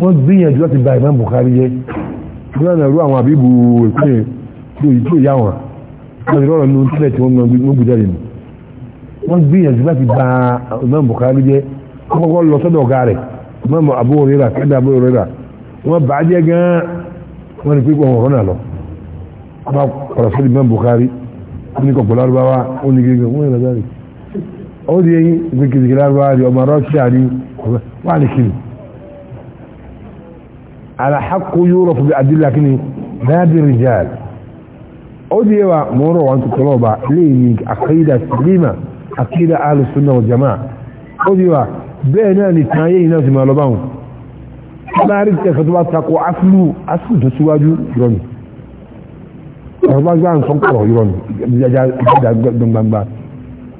wọ́n gbìyànjú láti ba ìmọ̀ Bukhari jẹ́ wọ́n náà rú àwọn àbíbù ìpínlẹ̀ tó yìí tó yá wọn wọ́n ti rọrùn nínú tílẹ̀ tí wọ́n mọ gbùjẹ́ rẹ̀ nù wọ́n gbìyànjú láti ba ìmọ̀ Bukhari jẹ́ kọ́kọ́ lọ sọ́dọ̀ ọ̀gá rẹ̀ ìmọ̀ Abu Hurairah kẹ́dà Abu Hurairah wọ́n bàá jẹ́ gan-an wọ́n ní pípọ̀ ọ̀rọ̀ náà lọ wọ́n kọ̀rọ̀ sọ́dọ̀ ìmọ̀ Bukhari wọ́n ní kọ̀pọ̀ lárúbáwá wọ́n ní gẹ́gẹ́ wọ́n ní ó di eyín zikiziki lárúbáwá russia ni wà ní kiri europe bi adilla kini nadi rijal ó di ewa mọ́rọ̀ wọn tó tọ́lọ̀ akida lima akida alusunna wa jama'a ó di ewa bẹ́ẹ̀ náà ni tàn yẹ́yìn náà sì máa lọ báwọn láàrin tẹ̀sán tó bá takò aflu aflu tó síwájú ọ̀rọ̀ bá ìjàjà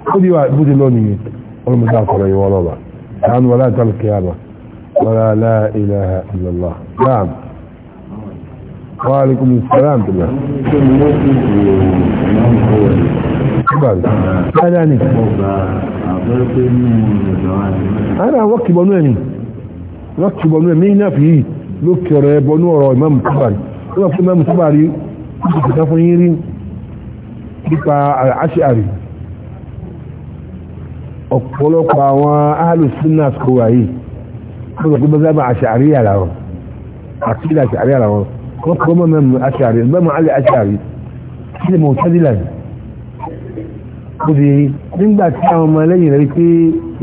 خذي بودي لوني والمذاكرة والله كان ولا تلك يابا ولا لا إله إلا الله نعم وعليكم السلام بالله هذا أنا أنا وقت بنواني وقت بنواني مين فيه لكر بنورة إمام كباري إمام كباري كتافين يرين بقى عشي أريد ọ̀pọ̀lọpọ̀ àwọn alùsùnà kò wà yìí wọ́n sọ pé bá sábà àṣàrí àrà wọn àti ilẹ̀ àṣàrí àrà wọn wọ́n kọ́ mọ́ mẹ́mú àṣàrí mẹ́mú alẹ́ àṣàrí kí ni mo tẹ́lẹ̀ lẹ́nu kò sí nígbà tí àwọn ọmọ ẹlẹ́yìn rẹ̀ pé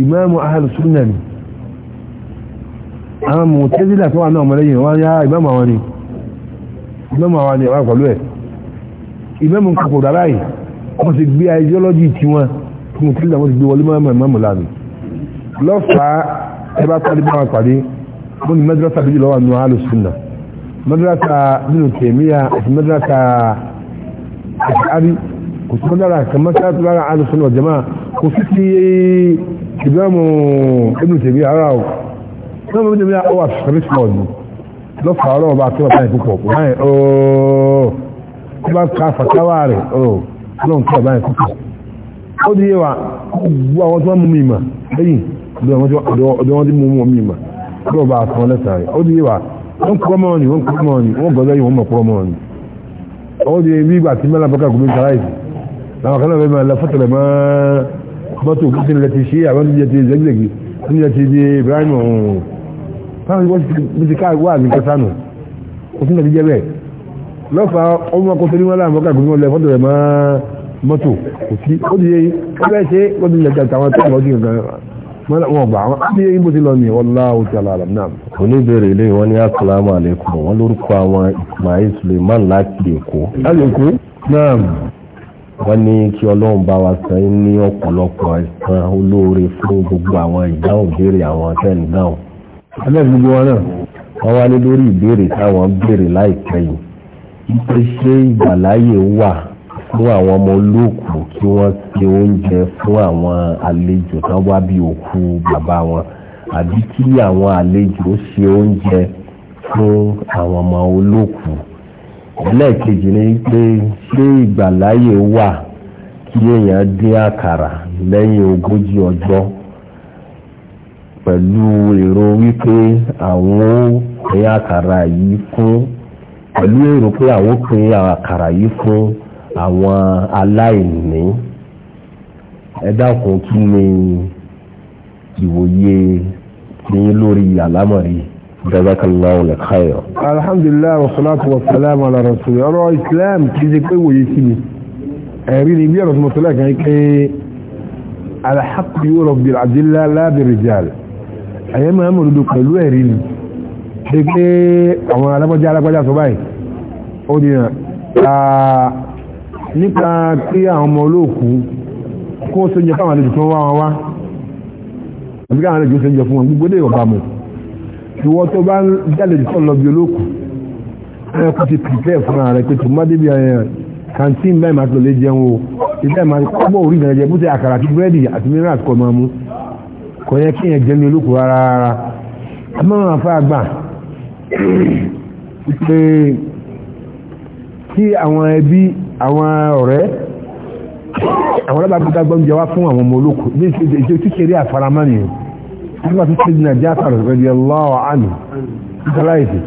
ìmáàmù alùsùnà ni àwọn mọ̀ tẹ́lẹ̀ tó wà náà ọmọ ẹlẹ́yìn wọ́n yá ìmáàmù ah, àwọn ni ìmáàmù àwọn ni wọ́n pẹ̀lú ẹ̀ ìmáàmù kòkòrò aráyìí wọ́n ti gbé ideology tiwọn fún un kílídà wọ́n ti gbé wọlé mọ́mọ́ ìmọ̀mù lánàá lọ́fàá ẹ bá pàdé bá wọn pàdé wọ́n ní mẹ́dúrásà bíi lọ́wọ́ nù áàlù sunna mẹ́dúrásà nínú tèmíyà àti mẹ́dúrásà àṣàárí kò sí mẹ́dúrásà kan mẹ́dúrásà lára áàlù sunna ọ̀jẹ̀má kò sí ó di yé wa gbogbo àwọn tí wọ́n mú mi mà lẹ́yìn ọ̀dọ̀ wọn tí mú wọn mi mà lọ́wọ́ bá àtọ́ lẹ́sàrẹ̀ ó di yé wa wọ́n kúrọ́ mọ́ ni wọ́n kúrọ́ mọ́ ni wọ́n gọ́dọ̀ yìí wọ́n mọ̀ kúrọ́ mọ́ ni ó di bí ìgbà tí mẹ́lá bọ́kà gómìnà káráìsì làwọn kan náà fẹ́ máa lọ fọ́tẹ̀lẹ̀ mọ́ mọ́tò kúsin lẹ́ti ṣe àwọn oúnjẹ ti zẹ́gbẹ̀gì oúnjẹ ti di Ibrahim ọ̀hún táwọn ìwọ́n ti ti ká wà ní kẹsànù kò sí ìgbà ti jẹ́ bẹ́ẹ̀ lọ́fà ọmọ mọ́ mọ́tò kò sí ó di yẹn ó bẹ́ẹ̀ ṣe ó di lẹ́jà tàwọn tó lọ́ọ́ dín nǹkan wọn gbà wọn bí yẹn bó ti lọ ní wallahu ta'ala alam náà. oníbèrè ilé wọn ní asalaamu alaykum wọn lórúkọ àwọn Ismail Suleiman láti Èkó. láti Èkó. náà wọ́n ní kí ọlọ́run bá wa san yín ní ọ̀pọ̀lọpọ̀ ẹ̀san olóore fún gbogbo àwọn ìdáhùn béèrè àwọn tẹ́ẹ̀nì dáhùn. alẹ́ gbogbo wọn náà. wọ́n wá ní lórí ìbéèrè táwọn béèrè láìpẹ́ yìí. ìpèsè ìgbàláyè wà fún àwọn ọmọ olóòkú kí wọ́n se oúnjẹ fún àwọn àlejò tán wá bí òkú bàbá wọn àbí kí àwọn àlejò se oúnjẹ fún àwọn ọmọ olóòkú ẹlẹ́ẹ̀kejì ni pé ṣé ìgbàláyè wà kí èèyàn dín àkàrà lẹ́yìn ogójì ọjọ́ pẹ̀lú èrò wípé àwọn ó pín àkàrà yìí fún pẹ̀lú èrò pé àwọn ó pín àkàrà yìí fún àwọn aláìní ẹ dákun kí ni ìwòye ní lórí àlámọ̀rí jazakallahu khairan. alhamdulilayi wa salatu wa salam ala rasul ọ̀rọ̀ islam kì í ṣe pé ìwòye sí mi ẹ̀rí ni bí ọ̀rọ̀ tí mo sọ lẹ́ẹ̀kan yìí pé alhaq yóò bil adilla la bir rijal máa mọ̀ lódò pẹ̀lú ẹ̀rí ni ṣe pé àwọn alágbájá alágbájá sọ báyìí ó dìyàn nípa pé àwọn ọmọ olóòkú kó ó sóúnjẹ fáwọn àlejò kan wá wọn wá àbí káwọn àlejò sóúnjẹ fún wọn gbogbo dé ọba mọ̀ ìwọ tó bá ń jálejò tó lọ bí olóòkú ẹ kó ti pìpẹ́ fúnra rẹ pé tó má débi ẹ kàntín báyìí máa tó lè jẹun o ìgbà máa kọ́gbọ́ orí ìgbà jẹ bó àkàrà àti búrẹ́dì àti mìíràn àti kọ̀ máa mú kò yẹ kí yẹn jẹ́ ní olóòkú rárá rárá amọ́ràn afá àgbà pé kí àwọn ẹbí àwọn ọ̀rẹ́ àwọn alábàápítà gbọ́njẹ wá fún àwọn ọmọ olóko ní ìṣe tí kéré àfaramánì nígbà tó ṣèjì nàìjíríà sàrọ̀ rẹ̀dí ọlọ́wọ́ àmì ìtàláìsì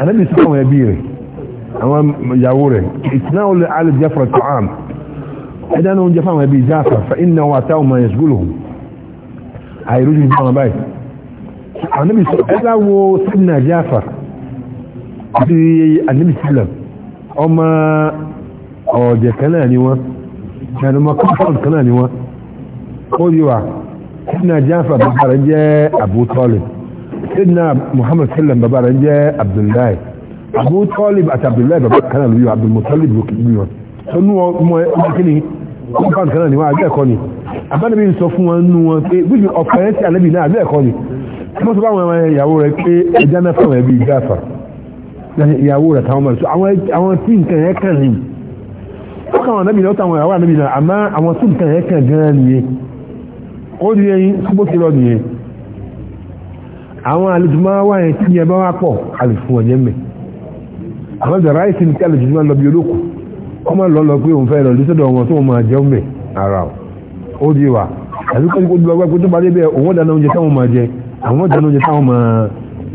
ànábì sí àwọn ẹbí rẹ̀ àwọn ìyàwó rẹ̀ ìtìná olè alẹ́ jẹ́fọ̀rọ̀ tó àm ẹ̀dá ní oúnjẹ fáwọn ẹbí jáfà fa iná wa táwọn ọmọ yẹsùgbòlò àìrójú ní ọ̀jẹ̀ kan náà ni wọ́n ẹnumọ́ kọ́ọ̀tù kan náà ni wọ́n ó yí wa sidna Jafar bàbá rẹ̀ jẹ́ Abu Talib sidna Muhammad sallam bàbá rẹ̀ jẹ́ Abdullahi Abu Talib àti Abdullahi bàbá kan náà ló yọ Abdul Muttalib ló kìí wọn tó nú ọmọ ẹgbẹ́ kí ni kọ́ọ̀tù kan náà ni wọ́n àgbẹ̀ ẹ̀kọ́ ni abánabi ń sọ fún wọn nú wọn pé wíjì ọ̀pọ̀ ẹ̀ tí alẹ́bì náà àgbẹ̀ ẹ̀kọ́ ni wọ́n sọ fáwọn ìyàwó rẹ̀ pé ẹja náà fáwọn ẹbí Jafar ìyàwó rẹ̀ táwọn ẹ̀ ọkàn àwọn anábì náà ó tàwọn ìyàwó anábì náà àmọ́ àwọn tó nǹkan yẹn kàn gan nìyẹn ó di ẹyin bó ti lọ nìyẹn àwọn àlejò máa wá yẹn tí yẹn bá wá pọ̀ àlejò wọ̀nyẹn mẹ́ àwọn ìdàrá ìsì ní kí àlejò máa lọ bí olóko ọmọ lọ lọ pé òun fẹ́ lọ lọ́sọ̀dọ̀ wọn tó wọn máa jẹun mẹ́ ara ó di wa àbí kọ́ni kó dùn ọgbẹ́ tó bá dé bẹ́ẹ̀ òun dáná oúnjẹ táwọn máa jẹ àwọn dáná oúnjẹ táwọn máa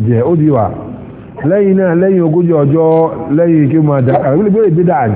jẹ ó di wa lẹ́yìn náà lẹ́yìn ogójì ọjọ́ lẹ́yìn kí wọ́n máa dà àbí gbé ìgbé dáa ni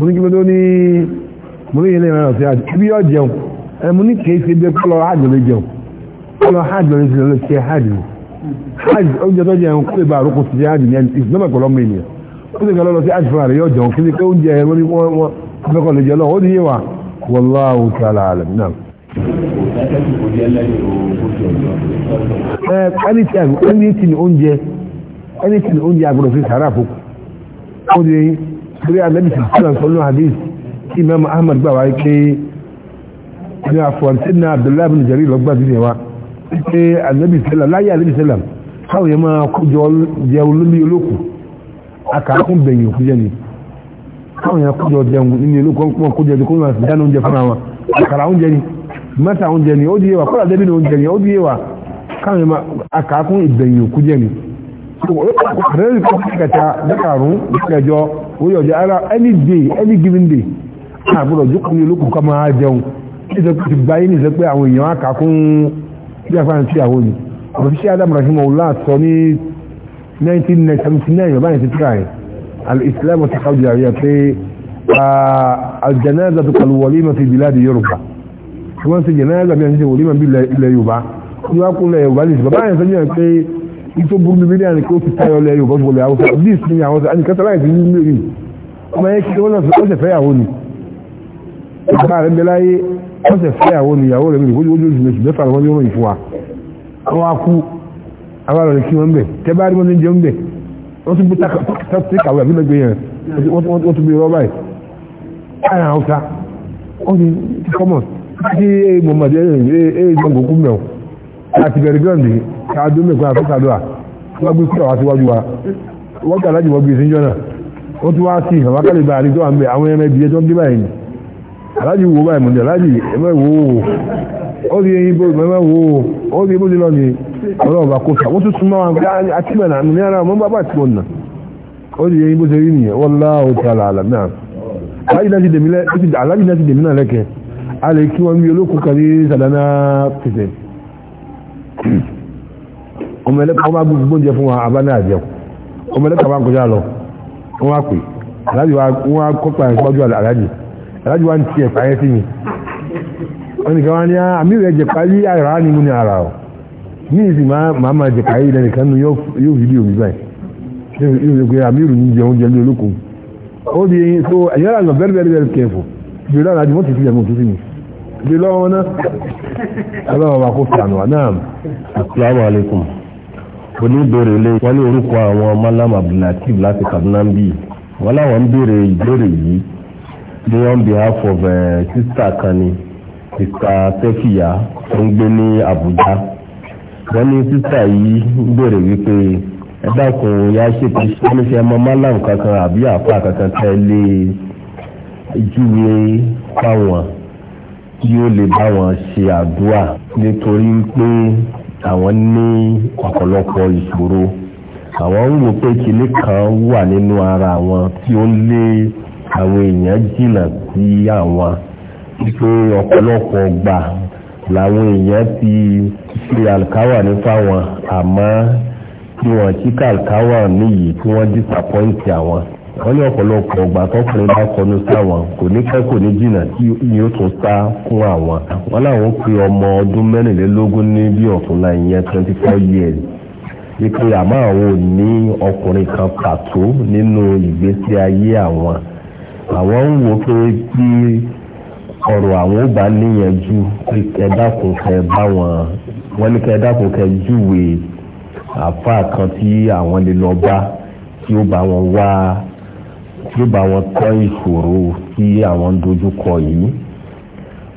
mo ní kí ló ní mo ní ilé ìrìn àti àjò ibi yóò jẹun ẹ mo ní kìí ṣe bí kó lọ hajj lè jẹun kó lọ hajj lè jẹun lè ṣe hajj lè hajj oúnjẹ tó jẹun kó lè bá àrókò sí hajj ní ẹni ìsinmi ẹ̀kọ́ lọ́mọ ènìyàn ó sì kọ́ lọ sí hajj fúnra rẹ̀ yóò jẹun kí ni pé oúnjẹ ẹ̀ wọ́n ní wọ́n fẹ́kọ̀ lè jẹ lọ ó ní yé wa wallahu ta'ala alam náà. ẹ ẹni tí ẹni tí ni oúnjẹ ẹni tí ni oúnjẹ agbọ́dọ̀ fi sàrà fún un torí anabi sì sílẹ̀ sọ́nù hadith tí imam ahmed gbà wáyé pé ní àfọ̀ǹtì náà abdullahi bin jarir lọ́gbà sí wa pé anabi sílẹ̀ láyé anabi sílẹ̀ káwọn yẹn máa kójọ jẹun lórí olókùn akàkùn bẹ̀yìn òkú jẹ́ ni káwọn yẹn kójọ jẹun nínú olókùn wọn kójọ jẹun kó wọn dáná oúnjẹ fúnra wọn àkàrà oúnjẹ ni mẹ́ta oúnjẹ ni ó di ewa kọ́lá débìnrin oúnjẹ ni ó di ewa káwọn yẹn máa akàkùn ìbẹ̀yìn òkú jẹ́ ni. àrẹ́rì kọ́kọ́ kẹta dẹ́kàrún ìkẹjọ wọ́n yọ̀jẹ̀ ara any day any given day àbúrò jókòó ní olókùn ká máa jẹun nítorí pé ti gba yín nìṣẹ́ pé àwọn èèyàn á kà fún bí afáàní tí àwọn ni ọ̀rọ̀ ṣíṣe adam rahimahullah sọ ní 1979 ọba yẹn ti tíra yẹn al-islam ti sáwọ́ jàre pé al-janaza tó kọlu wọlé náà ti biladi yorùbá wọ́n ti janaza bí wọ́n ti wọlé náà bí ilẹ̀ yorùbá wọ́n kún ilẹ̀ yorùbá nìṣẹ́ bàbá yẹn sọ ìtò burú bíbí náà ni kó fi táyọ̀ lẹ́yìn òbọ̀ gbọ́lẹ̀ àwọn sọ̀rọ̀ bí ìsinmi àwọn sọ̀rọ̀ àníkàtà láì fi ní ilé rí ọmọ yẹn kí wọ́n lọ́sẹ̀ ọ̀sẹ̀ fẹ́yàwó ni ìgbà rẹ̀ bẹ láyé ọ̀sẹ̀ fẹ́yàwó ni ìyàwó rẹ̀ mi kó ojú oṣù mẹ́sù mẹ́fà lọ́wọ́ yóò rìn fún wa àwọn akú àwọn ọ̀rẹ́ kí wọ́n bẹ̀ tẹ́ bá rí wọn ní jẹun bẹ̀ wọ́n tún bí tákàwé àbí lọ́gbẹ̀ yẹn wọ́n tún bí rọ́bà yìí láàrin haúsá ó ní kọ́mọ̀ sí mọ̀mọ́dé ẹ̀ ẹ̀ ẹ̀ jọ̀ǹgòkú mẹ́wọ̀ àti bẹ̀rẹ̀ gírọ̀ǹdì káàdó mẹ́kọ́ àfẹ́sàdó à wọ́n gbé kúrò wá síwájú wa wọ́n gbà láti wọ́n gbé sí jọ́nà wọ́n tún wá sí ìhàn wákàlẹ̀ bá àrí tó wà ń bẹ àwọn ẹran ibi ẹjọ́ ń dé báyìí aláàjì wo báyìí mọ̀jẹ̀ aláàjì ẹ̀mẹ́ wo ó di eyín bó ẹ̀mẹ́ wo ó di ebó di lọ ni ọlọ́run bá kó sà wọ́n tún súnmọ́ wọn àti mẹ́rin àmì ní ara wọn bá bá ti wọn nà ó di eyín bó ṣe o nìyẹn wọ́n lá òkè àlàlà náà aláàjì náà ti dèmí náà lẹ́kẹ̀ẹ́ a lè kí wọn bí olókùn kan ní sàdánà pẹ̀sẹ̀ ọmọ ẹlẹ́kọ̀ọ́ ọmọ agbóhùn gbóúnjẹ fún wa abáná àjẹkù ọmọ ẹlẹ́kọ̀ọ́ bá ń kọjá lọ wọ́n á pè aláàjì wa wọ́n á kọ́pà ìpọ́jú aláàjì aláàjì wa ń tiẹ̀ fàyẹ́ sí mi wọ́n nìkan wá a àmì rẹ̀ jẹ̀ parí àrà ni mo ní ara ọ̀ ní ìsìn máa máa jẹ̀ parí ilẹ̀ nìkan nu yóò fi bí omi báyìí yóò fi pé ah, àmì ìrù ní jẹ oúnjẹ ní olókun ó di eyín so ẹ̀yọ́ àgbà very very very careful bí lọ́wọ́ aláàjì wọ́n ti fi ẹ̀mọ́ tó sí mi bí lọ́wọ́ náà aláwọ̀ wa kó fi àná wa náà. asalaamualeykum oníbèrè lè wọ́n ní orúkọ àwọn malam abdulateef láti kaduna bí wọ́n láwọn ń béèrè ìbéèrè yìí ní on behalf of uh, eh, sista kani sista sefiya tó ń gbé ní abuja wọ́n ní sista yìí ń béèrè wípé ẹ dákun ya ṣe pé ṣẹ́niṣẹ́ mọ malam kankan àbí àfa kankan tẹ́ lé júwe fáwọn tí ó lè bá wọn ṣe àdúrà nítorí pé àwọn ní ọ̀pọ̀lọpọ̀ ìṣòro àwọn ń wò pé kinní kan wà nínú ara àwọn tí ó lé àwọn èèyàn jìnnà sí àwọn pé ọ̀pọ̀lọpọ̀ gbà làwọn èèyàn ti ṣe àlùkáwà ní fáwọn àmọ́ tí wọ́n ti kàlùkáwà níyì tí wọ́n disappoint àwọn wọ́n ní ọ̀pọ̀lọpọ̀ ọgbà tọkùnrin bá kọnu sáwọn kò ní pẹ́ kò ní jìnnà tí yóò tún sá fún àwọn wọn làwọn pe ọmọ ọdún mẹ́rìnlélógún ní bí ọ̀túnla ìyẹn twenty four years wípé àmọ́ àwọn ò ní ọkùnrin kan pàtó nínú ìgbésí ayé àwọn àwọn ń wo pé bí ọ̀rọ̀ àwọn ò bá níyànjú ẹ dákun kẹ bá wọn wọn ní kẹ dákun kẹ júwèé àáfàá kan tí àwọn lè lọ bá tí ó bá wọn wá yóò bá wọn tọ́ ìṣòro tí àwọn dojúkọ yìí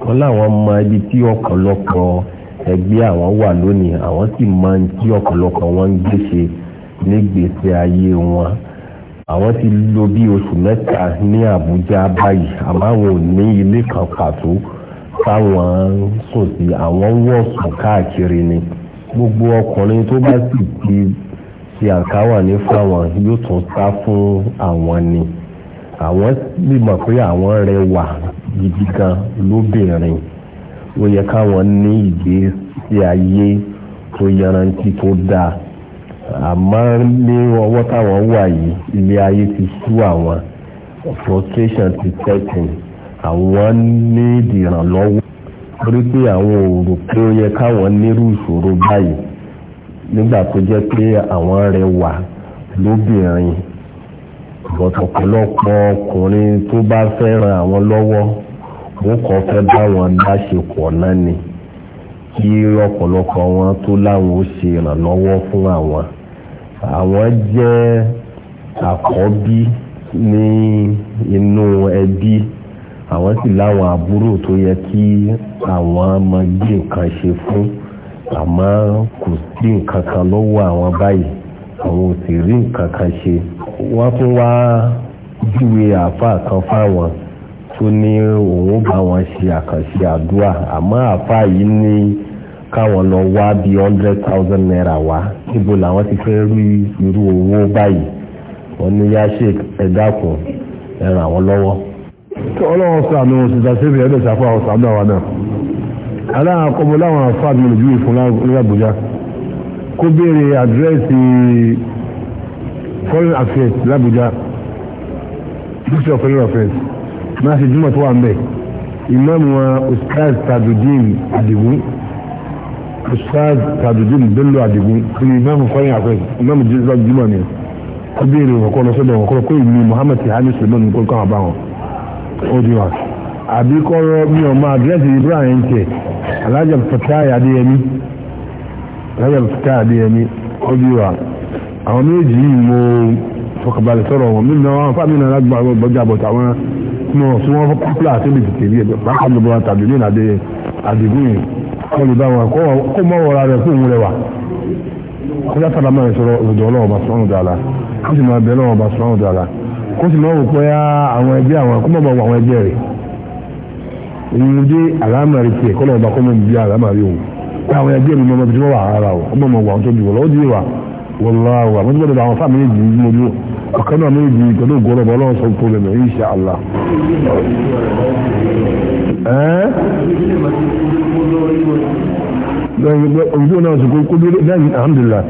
wọn láwọn mọ ibi tí ọ̀pọ̀lọpọ̀ ẹgbẹ́ àwọn wà lónìí àwọn sì mọ tí ọ̀pọ̀lọpọ̀ wọn ń gbèsè nígbèsè ayé wọn àwọn ti lò bí oṣù mẹ́ta ní Àbújá báyìí àmọ́ àwọn ò ní ilé kan pàtó táwọn ń sùn sí àwọn ń wọ̀sùn káàkiri ni gbogbo ọkùnrin tó bá sì ti ṣe àkáwà ní fáwọn yóò tún sá fún àwọn ni. àwọn sì mọ̀ pé àwọn rẹwà gidi gan lóbìnrin ó yẹ káwọn ní ìgbésí ayé tó yanrantí tó dáa àmọ́ ní ọwọ́ táwọn wà yìí ilé ayé ti sú àwọn frustration ti setting àwọn ní ìdìrànlọ́wọ́ torí pé àwọn ò pé ó yẹ káwọn nírú ìṣòro báyìí nígbà tó jẹ́ pé àwọn bọ̀tọ̀ ọ̀pọ̀lọpọ̀ ọkùnrin tó bá fẹ́ ran àwọn lọ́wọ́ wọn kàn fẹ́ bá wọn dáṣepọ̀ náà ni kí ọ̀pọ̀lọpọ̀ wọn tó láwọn ó ṣe ìrànlọ́wọ́ fún àwọn àwọn jẹ́ àkọ́bí ní inú ẹbí àwọn sì láwọn àbúrò tó yẹ kí àwọn máa gbé nǹkan ṣe fún àmọ́ kò sí nǹkan kan lọ́wọ́ àwọn báyìí àwọn ò sì rí nǹkan kan ṣe wọ́n tún wá júwe àáfàá kan fáwọn tó ní òun bá wọn ṣe àkànṣe àdúrà àmọ́ àáfàá yìí ní káwọn lọ wá bí hundred thousand naira wá níbo làwọn ti fẹ́ rí irú owó báyìí wọ́n ní yá ṣe ẹ dákun ẹ ràn wọ́n lọ́wọ́. ọlọ́wọ́ sàmì wọn ṣèṣà sí ìbílẹ̀ ẹ̀dẹ̀ ṣàfà ọ̀sán náà wà náà aláwọn akọ́bọ̀ láwọn àfáà mi lè bí ìfúnlá ní Àbújá kó béèrè àdírẹ́sì foreign affairs l'Abuja ministry of foreign affairs máa ṣe jùmọ̀ tó wà ń bẹ̀ imam wọn ustaz tajudeen adigun ustaz tajudeen bello adigun ti imam foreign affairs imam jesus jùmọ̀ ni ó béèrè wọn kọ́ lọ sọ́dọ̀ wọn kọ́ lọ pé ìlú muhammed tihani suleman kó kàn bá wọn ó di wa àbí kọ́rọ́ mi ò máa àdírẹ́sì ibrahim tẹ alájà fatah adéyẹmí alájà fatah adéyẹmí ó di wa àwọn méjì yìí mo fọkànbalẹ̀ sọ̀rọ̀ wọn mímu náà wọn fáwọn náà lágbà wọn gbọ́dọ̀ àbọ̀tà wọn tí wọn fún wọn kúpìlà àti ibi tètè rí ẹgbẹ́ pàápàá ló bọ́ra tàbí ní ìnàdé àdìgún yìí wọn lè bá wọn kó mọ́ wọra rẹ̀ fún òun rẹ̀ wà kó yá sábà máa sọ̀rọ̀ òdò ọlọ́wọ́ bá sọ́run dàlà kó sì máa bẹ ọlọ́wọ́ bá sọ́run dàlà kó sì máa wò pé àwọn ẹgbẹ́ àwọn kó mọ̀ bọ̀ àwọn ẹgbẹ́ rẹ̀ èyí dé àlámàrí tiẹ̀ kọ́ lọ́wọ́ bá kó mọ̀ bí àlámàrí òun pé àwọn ẹgbẹ́ mi wọláwà wọ́n gbọ́dọ̀ àwọn fáà méjì yìí mojú ọ̀kan náà méjì pẹ̀lú ògbọ́rọ̀ bọ́ lọ́wọ́ sọ fún mi ní insha Allah. òyìnbó náà sọ pé kó bí lẹ́yìn alhamdulillah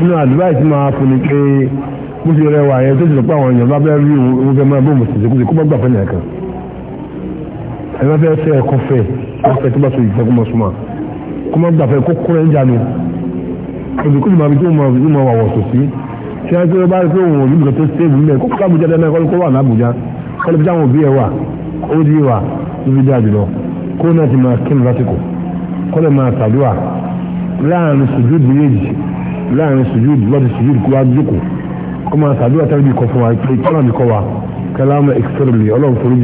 nínú advice máa fún ni pé bó ṣe rẹwà yẹn tó ti rò pé àwọn èèyàn bá bẹ́ẹ̀ rí owó fẹ́ máa bóun ṣèṣe kó ṣe kó bá gbà fẹ́ nìyẹn kan ẹ bá fẹ́ fẹ́ ẹ̀kọ́ fẹ́ ẹ̀kọ́ tó bá so ìfẹ́ kó mọ̀ súnmọ́ kó má gbà fẹ́ kó kó rẹ̀ ń jáde òbí kúrò màbí tí ó mọ òbí mọ wà wọ̀sọ̀ sí tí wọ́n ti bá rí pé òun òbí nìkan tó sèbù nílẹ̀ kó kó Àbújá dáná kọ́ wà lábùjá kọ́ lóbi táwọn òbí ẹ̀ wà ó di wà níbi dáa jùlọ kó náà ti máa kí ni lásìkò kọ́ lè máa tàdúrà láàrin sùjúdù méjì láàrin sùjúdù lọ́dì sùjúdù kó wá jókòó kó máa tàdúrà tàbí kọ́ fún wa pé kọ́nà mi kọ́ wa kẹlámà ìkísọ́rọ̀lì ọlọ́run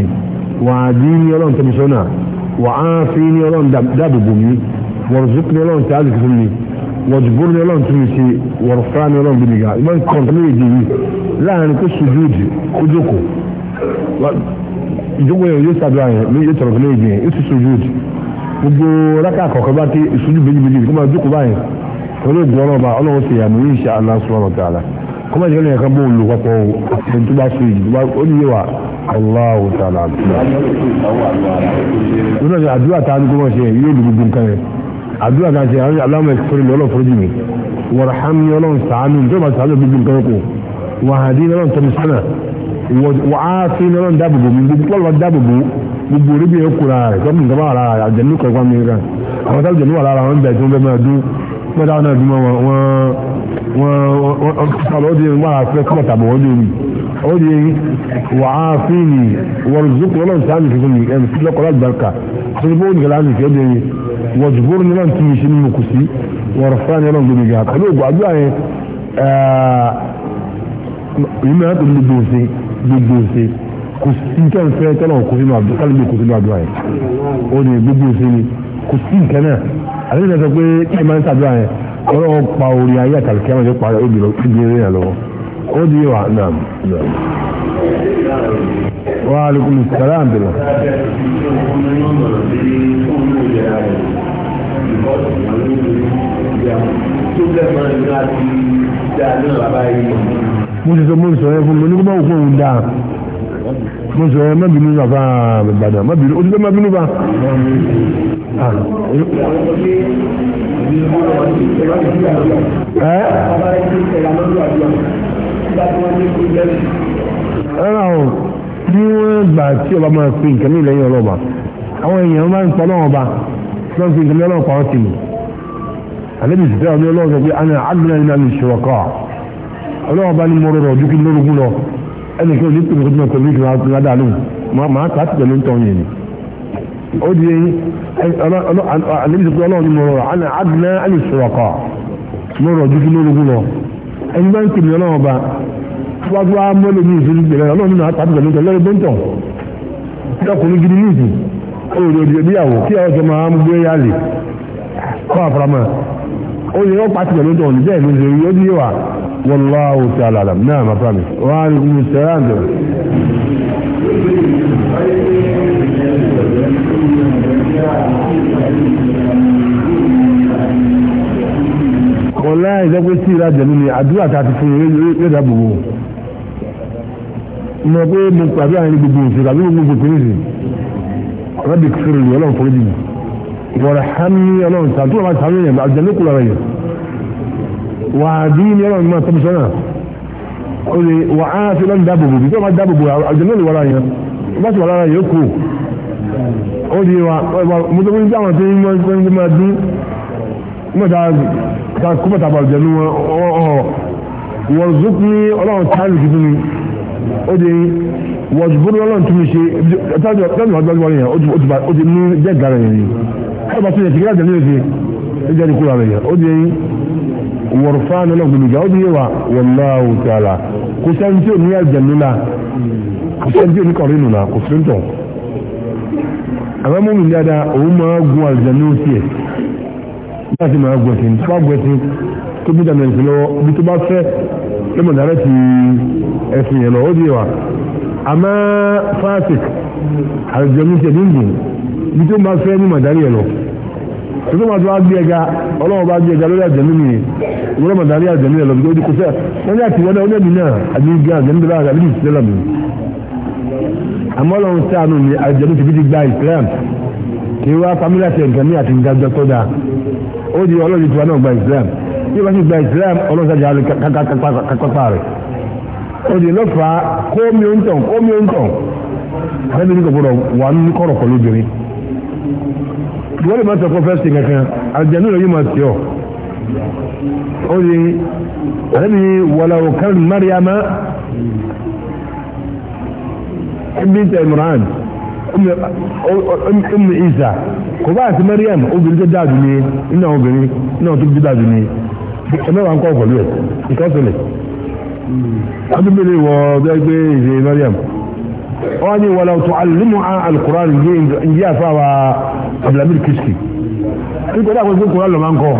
ní ọlọ́run tẹ̀mísọ́nà mi warzuqni ọlọ́run tí a lè fún mi wọ̀jùbúrú ọlọ́run tún mi ṣe wọ̀rọ̀fà ní ọlọ́run bí mi ga ìmọ̀ nǹkan tó lè dè yìí láàrin kó sojú òdì kó jókòó ìjókòó yẹn yóò ṣàdúrà yẹn ní ètò ọ̀rọ̀ tó lè dè yẹn yóò tún sojú òdì gbogbo rákà kọ̀ọ̀kan bá ti ìṣojú méjì méjì kó máa jókòó báyìí pẹ̀lú ògùn ọlọ́run bá ọlọ́run ṣe àmì yìí ṣe aláṣọ ta'ala kọ́mọ ìjọba yẹn kan bó lò papọ̀ ẹni tó bá so yìí tó bá ó ní yé wa Allahu ta'ala. ìdúró àdúrà tá a ní kó wọ́n ṣe yóò lu gbogbo nǹkan yẹn àdúrà kan ṣe àwọn aláwọ̀ ẹ̀sìtọ́rì ní ọlọ́run foríjì mi wọ̀rọ̀hán ní ọlọ́run sàánú tó bá sàánú gbogbo nǹkan kù wàhádì ní ọlọ́run tọ́mi sánà wàásì ní ọlọ́run dáàbòbò mi gbogbo dáàbòbò gbogbo oríbi yẹn kura rẹ̀ tọ́mi nǹkan bá wà lára rẹ̀ àjẹnú kọ̀ọ̀kan mi kan àwọn táwọn jẹ̀nú wà lára wọn bẹ̀ tí wọ́n fẹ́ máa dún mẹ́ta wọn náà dún mọ́ wọn wọn sọ̀rọ̀ ó di wọn àfẹ́ kọ́ tàbọ̀ wọ́n lórí ó di wàásì ní wọ́n zùkú ọlọ́run sàánú tuntun ní ẹ̀ wọ̀jùbúrú ni wọ́n ti mi ṣe nínú kùsí wọ̀rọ̀ fúlàní ọlọ́run gbogbo ìgbà pẹ̀lú ògùn àdúrà yẹn ìmọ̀ ẹ̀ tó gbogbo do gbogbo ṣe kùsí tẹ́lẹ̀ fẹ́ tẹ́lẹ̀ kùsí nù àdúrà kálí kùsí nù àdúrà yẹn ó ní gbogbo ṣe ni kùsí nǹkan náà àti ìdá sọ pé kí ẹ máa ń ṣàdúrà yẹn ọlọ́run pa orí ayé àtàlùkẹ́ àwọn ìjọba obìnrin yẹn lọ́wọ́ ó di wà náà. Wa alaikum salaam mo ti sọ mo sọ yẹn fún mi ní kó fún òun dáa mo sọ yẹn má bínú bàbá Ìbàdàn má bínú ojú tó má bínú bá. Ah. ẹ ẹ ọ bí wọ́n gbà tí ọba máa pín nǹkan ní ilẹ̀ àwọn èèyàn máa ń pọ̀ náà ọba lọ́n fi nǹkan lọ́wọ́ kan sí mi àlébi sì fẹ́ ọdún ọlọ́wọ́ sọ pé àná àdúrà nínú àmì ìṣòro kọ́ ọlọ́wọ́ bá ní mọ́rọ́ rọ̀ ojú kí lórogún lọ ẹnì kan ní pèmí kọ́tùmọ̀ pẹ̀lú ìṣòro àdàlù màá kà á ti pẹ̀lú ntọ́ yẹn ni ó di àlébi sì pé ọlọ́wọ́ ní mọ́rọ́ rọ̀ àná àdúrà àmì ìṣòro kọ́ mọ́rọ́ ojú kí lórogún lọ ẹni bá ń pèmí èrò òdìdè bíyàwó kí ọjọ́ máa ń gbé yálè kọ́ àfàràmà ó yẹ ó pàtìkà ló tọ̀ níbẹ̀ ló ṣe rí ó díyẹ wà wallahu ta'ala alam náà máa fà mí wọ́n á rí kúmù sẹ́rà ń dọ̀rọ̀. wọ́lá ìjọpẹ́ sí ìrajà mi ni àdúrà tá ti fún yẹn yóò dábòbò mo pé mo pàdé àárín gbogbo òṣèlú àbí gbogbo òṣèlú rẹ́bì kiri ni ọlọ́run forí jìnnà wọ̀rẹ̀ hami ọlọ́run sàn tó lọ́wọ́ sàánú yẹn àjẹlẹ́ kúrò rẹ̀ yẹn wà á dín ní ọlọ́run máa tọ́bi sọ́nà ó lè wà á fi lọ́n dáàbòbò bí tó máa dáàbòbò àjẹlẹ́ lè wọ́ra yẹn bá sì wà lára yẹn kú ó di wa mo tó kún sí àwọn tó ń máa dín mọ̀ta ká kúmọ̀ta bàjẹ́ nu wọn ọ̀ọ́ wọ̀rọ̀ zokun ọlọ́run táàlù tuntun ni wọ́n ti bóni ọlọ́run tún mi ṣe tẹ́lẹ̀ wọ́n gbọ́dọ̀ wọlé yẹn ó ti mú jẹ́ ìgbàlẹ̀ yẹn yìí káyọ̀ bá tún yẹ kìkìlá jẹ́lẹ́ ṣe ó jẹ́ ìkúra rẹ̀ yẹn ó di yẹn wọ̀rọ̀fà nínú gbòmìgà ó di yẹn wà wallahu ta'ala kò sẹ́ni tí ò ní ẹ̀jẹ̀ nínú kò sẹ́ni tí ò ní kọ̀rin nínú kò sí tọ̀ àwọn mú mi dáadáa òun máa gun àlùjànnú tiẹ̀ láti máa gbẹ̀sìn tó bá gbẹ̀sìn tó bí dàmẹ̀sìn lọ́wọ́ bí tó bá fẹ́ lọ́mọdàrẹ́ ti ẹ̀sìn yẹn lọ ó di yẹn wà àmọ́ fásitì àjọmí tẹ̀lé ń dùn ní tó máa fẹ́ ní màdárì ẹ̀ lọ tó tó máa tó wá gbé ẹga ọlọ́wọ́ bá gbé ẹga lórí àjọmí mi ìwọ́n náà màdárì àjọmí ẹ̀ lọ bí kò fẹ́ wọ́n ní àtiwọ́dá ó lẹ́bi náà àdìgbà àjọmí tó bá àgbà bíbí ìsìlẹ̀ lọ́mí àmọ́ lọ́run sáànù ni àjọmí ti fi ti gba Islam kí wá family àti ẹ̀gbẹ́ mi àti ìdájọ́ tó dáa ó di ọlọ́run ti wá náà gba Islam bí wọ́n ti gba Islam ọlọ́run sáàjà kápá rẹ̀ òdì ló kó mi ó kó ẹni ní wà ní kọ̀rọ̀ pẹ̀lú obìnrin wọ́n lè má sọ pé fẹ́ ṣe kankan àjẹnú rẹ̀ yóò máa ṣe ó ní àdébí wàlàwò kan mariama bint imran umu isa kò bá àti mariam obìnrin tó ní iná obìnrin iná tó ní ń kọ́ pẹ̀lú ẹ̀ ìkọ́sọ̀lẹ̀. adúmílẹ̀ wọ gbẹ́gbẹ́ ìṣe mariam wọ́n ní wọ́n lọ́tọ̀ alìmọ̀ alkùrán yí àfáwà abdulhamid kìsìkì nígbàdá àwọn ìṣẹ́ kùrán lọ́mà ń kọ́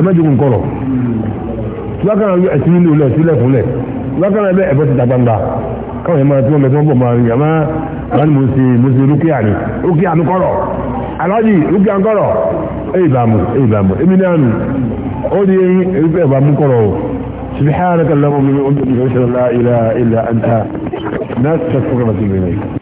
ẹmẹ́jìkùn kọ́rọ̀ lákàrà yóò ẹ̀sìn nílò lẹ̀ sílẹ̀ fúnlẹ̀ lákàrà ẹ̀bẹ̀ ẹ̀fẹ́ ti dàgbàǹdà káwọn yẹn máa tí wọ́n mẹ́tọ́ bọ̀ máa rí àmá láti mo ṣe mo ṣe rúkìá ni rúkìá mi kọ́rọ̀ aláàjì rúkìá ń kọ́rọ̀ èyí bàmù èyí bàmù èmi náà nù ó di ẹ̀fẹ́ bàmù kọ́rọ̀ o سبحانك اللهم وبحمدك لا اله الا انت نستغفرك اليك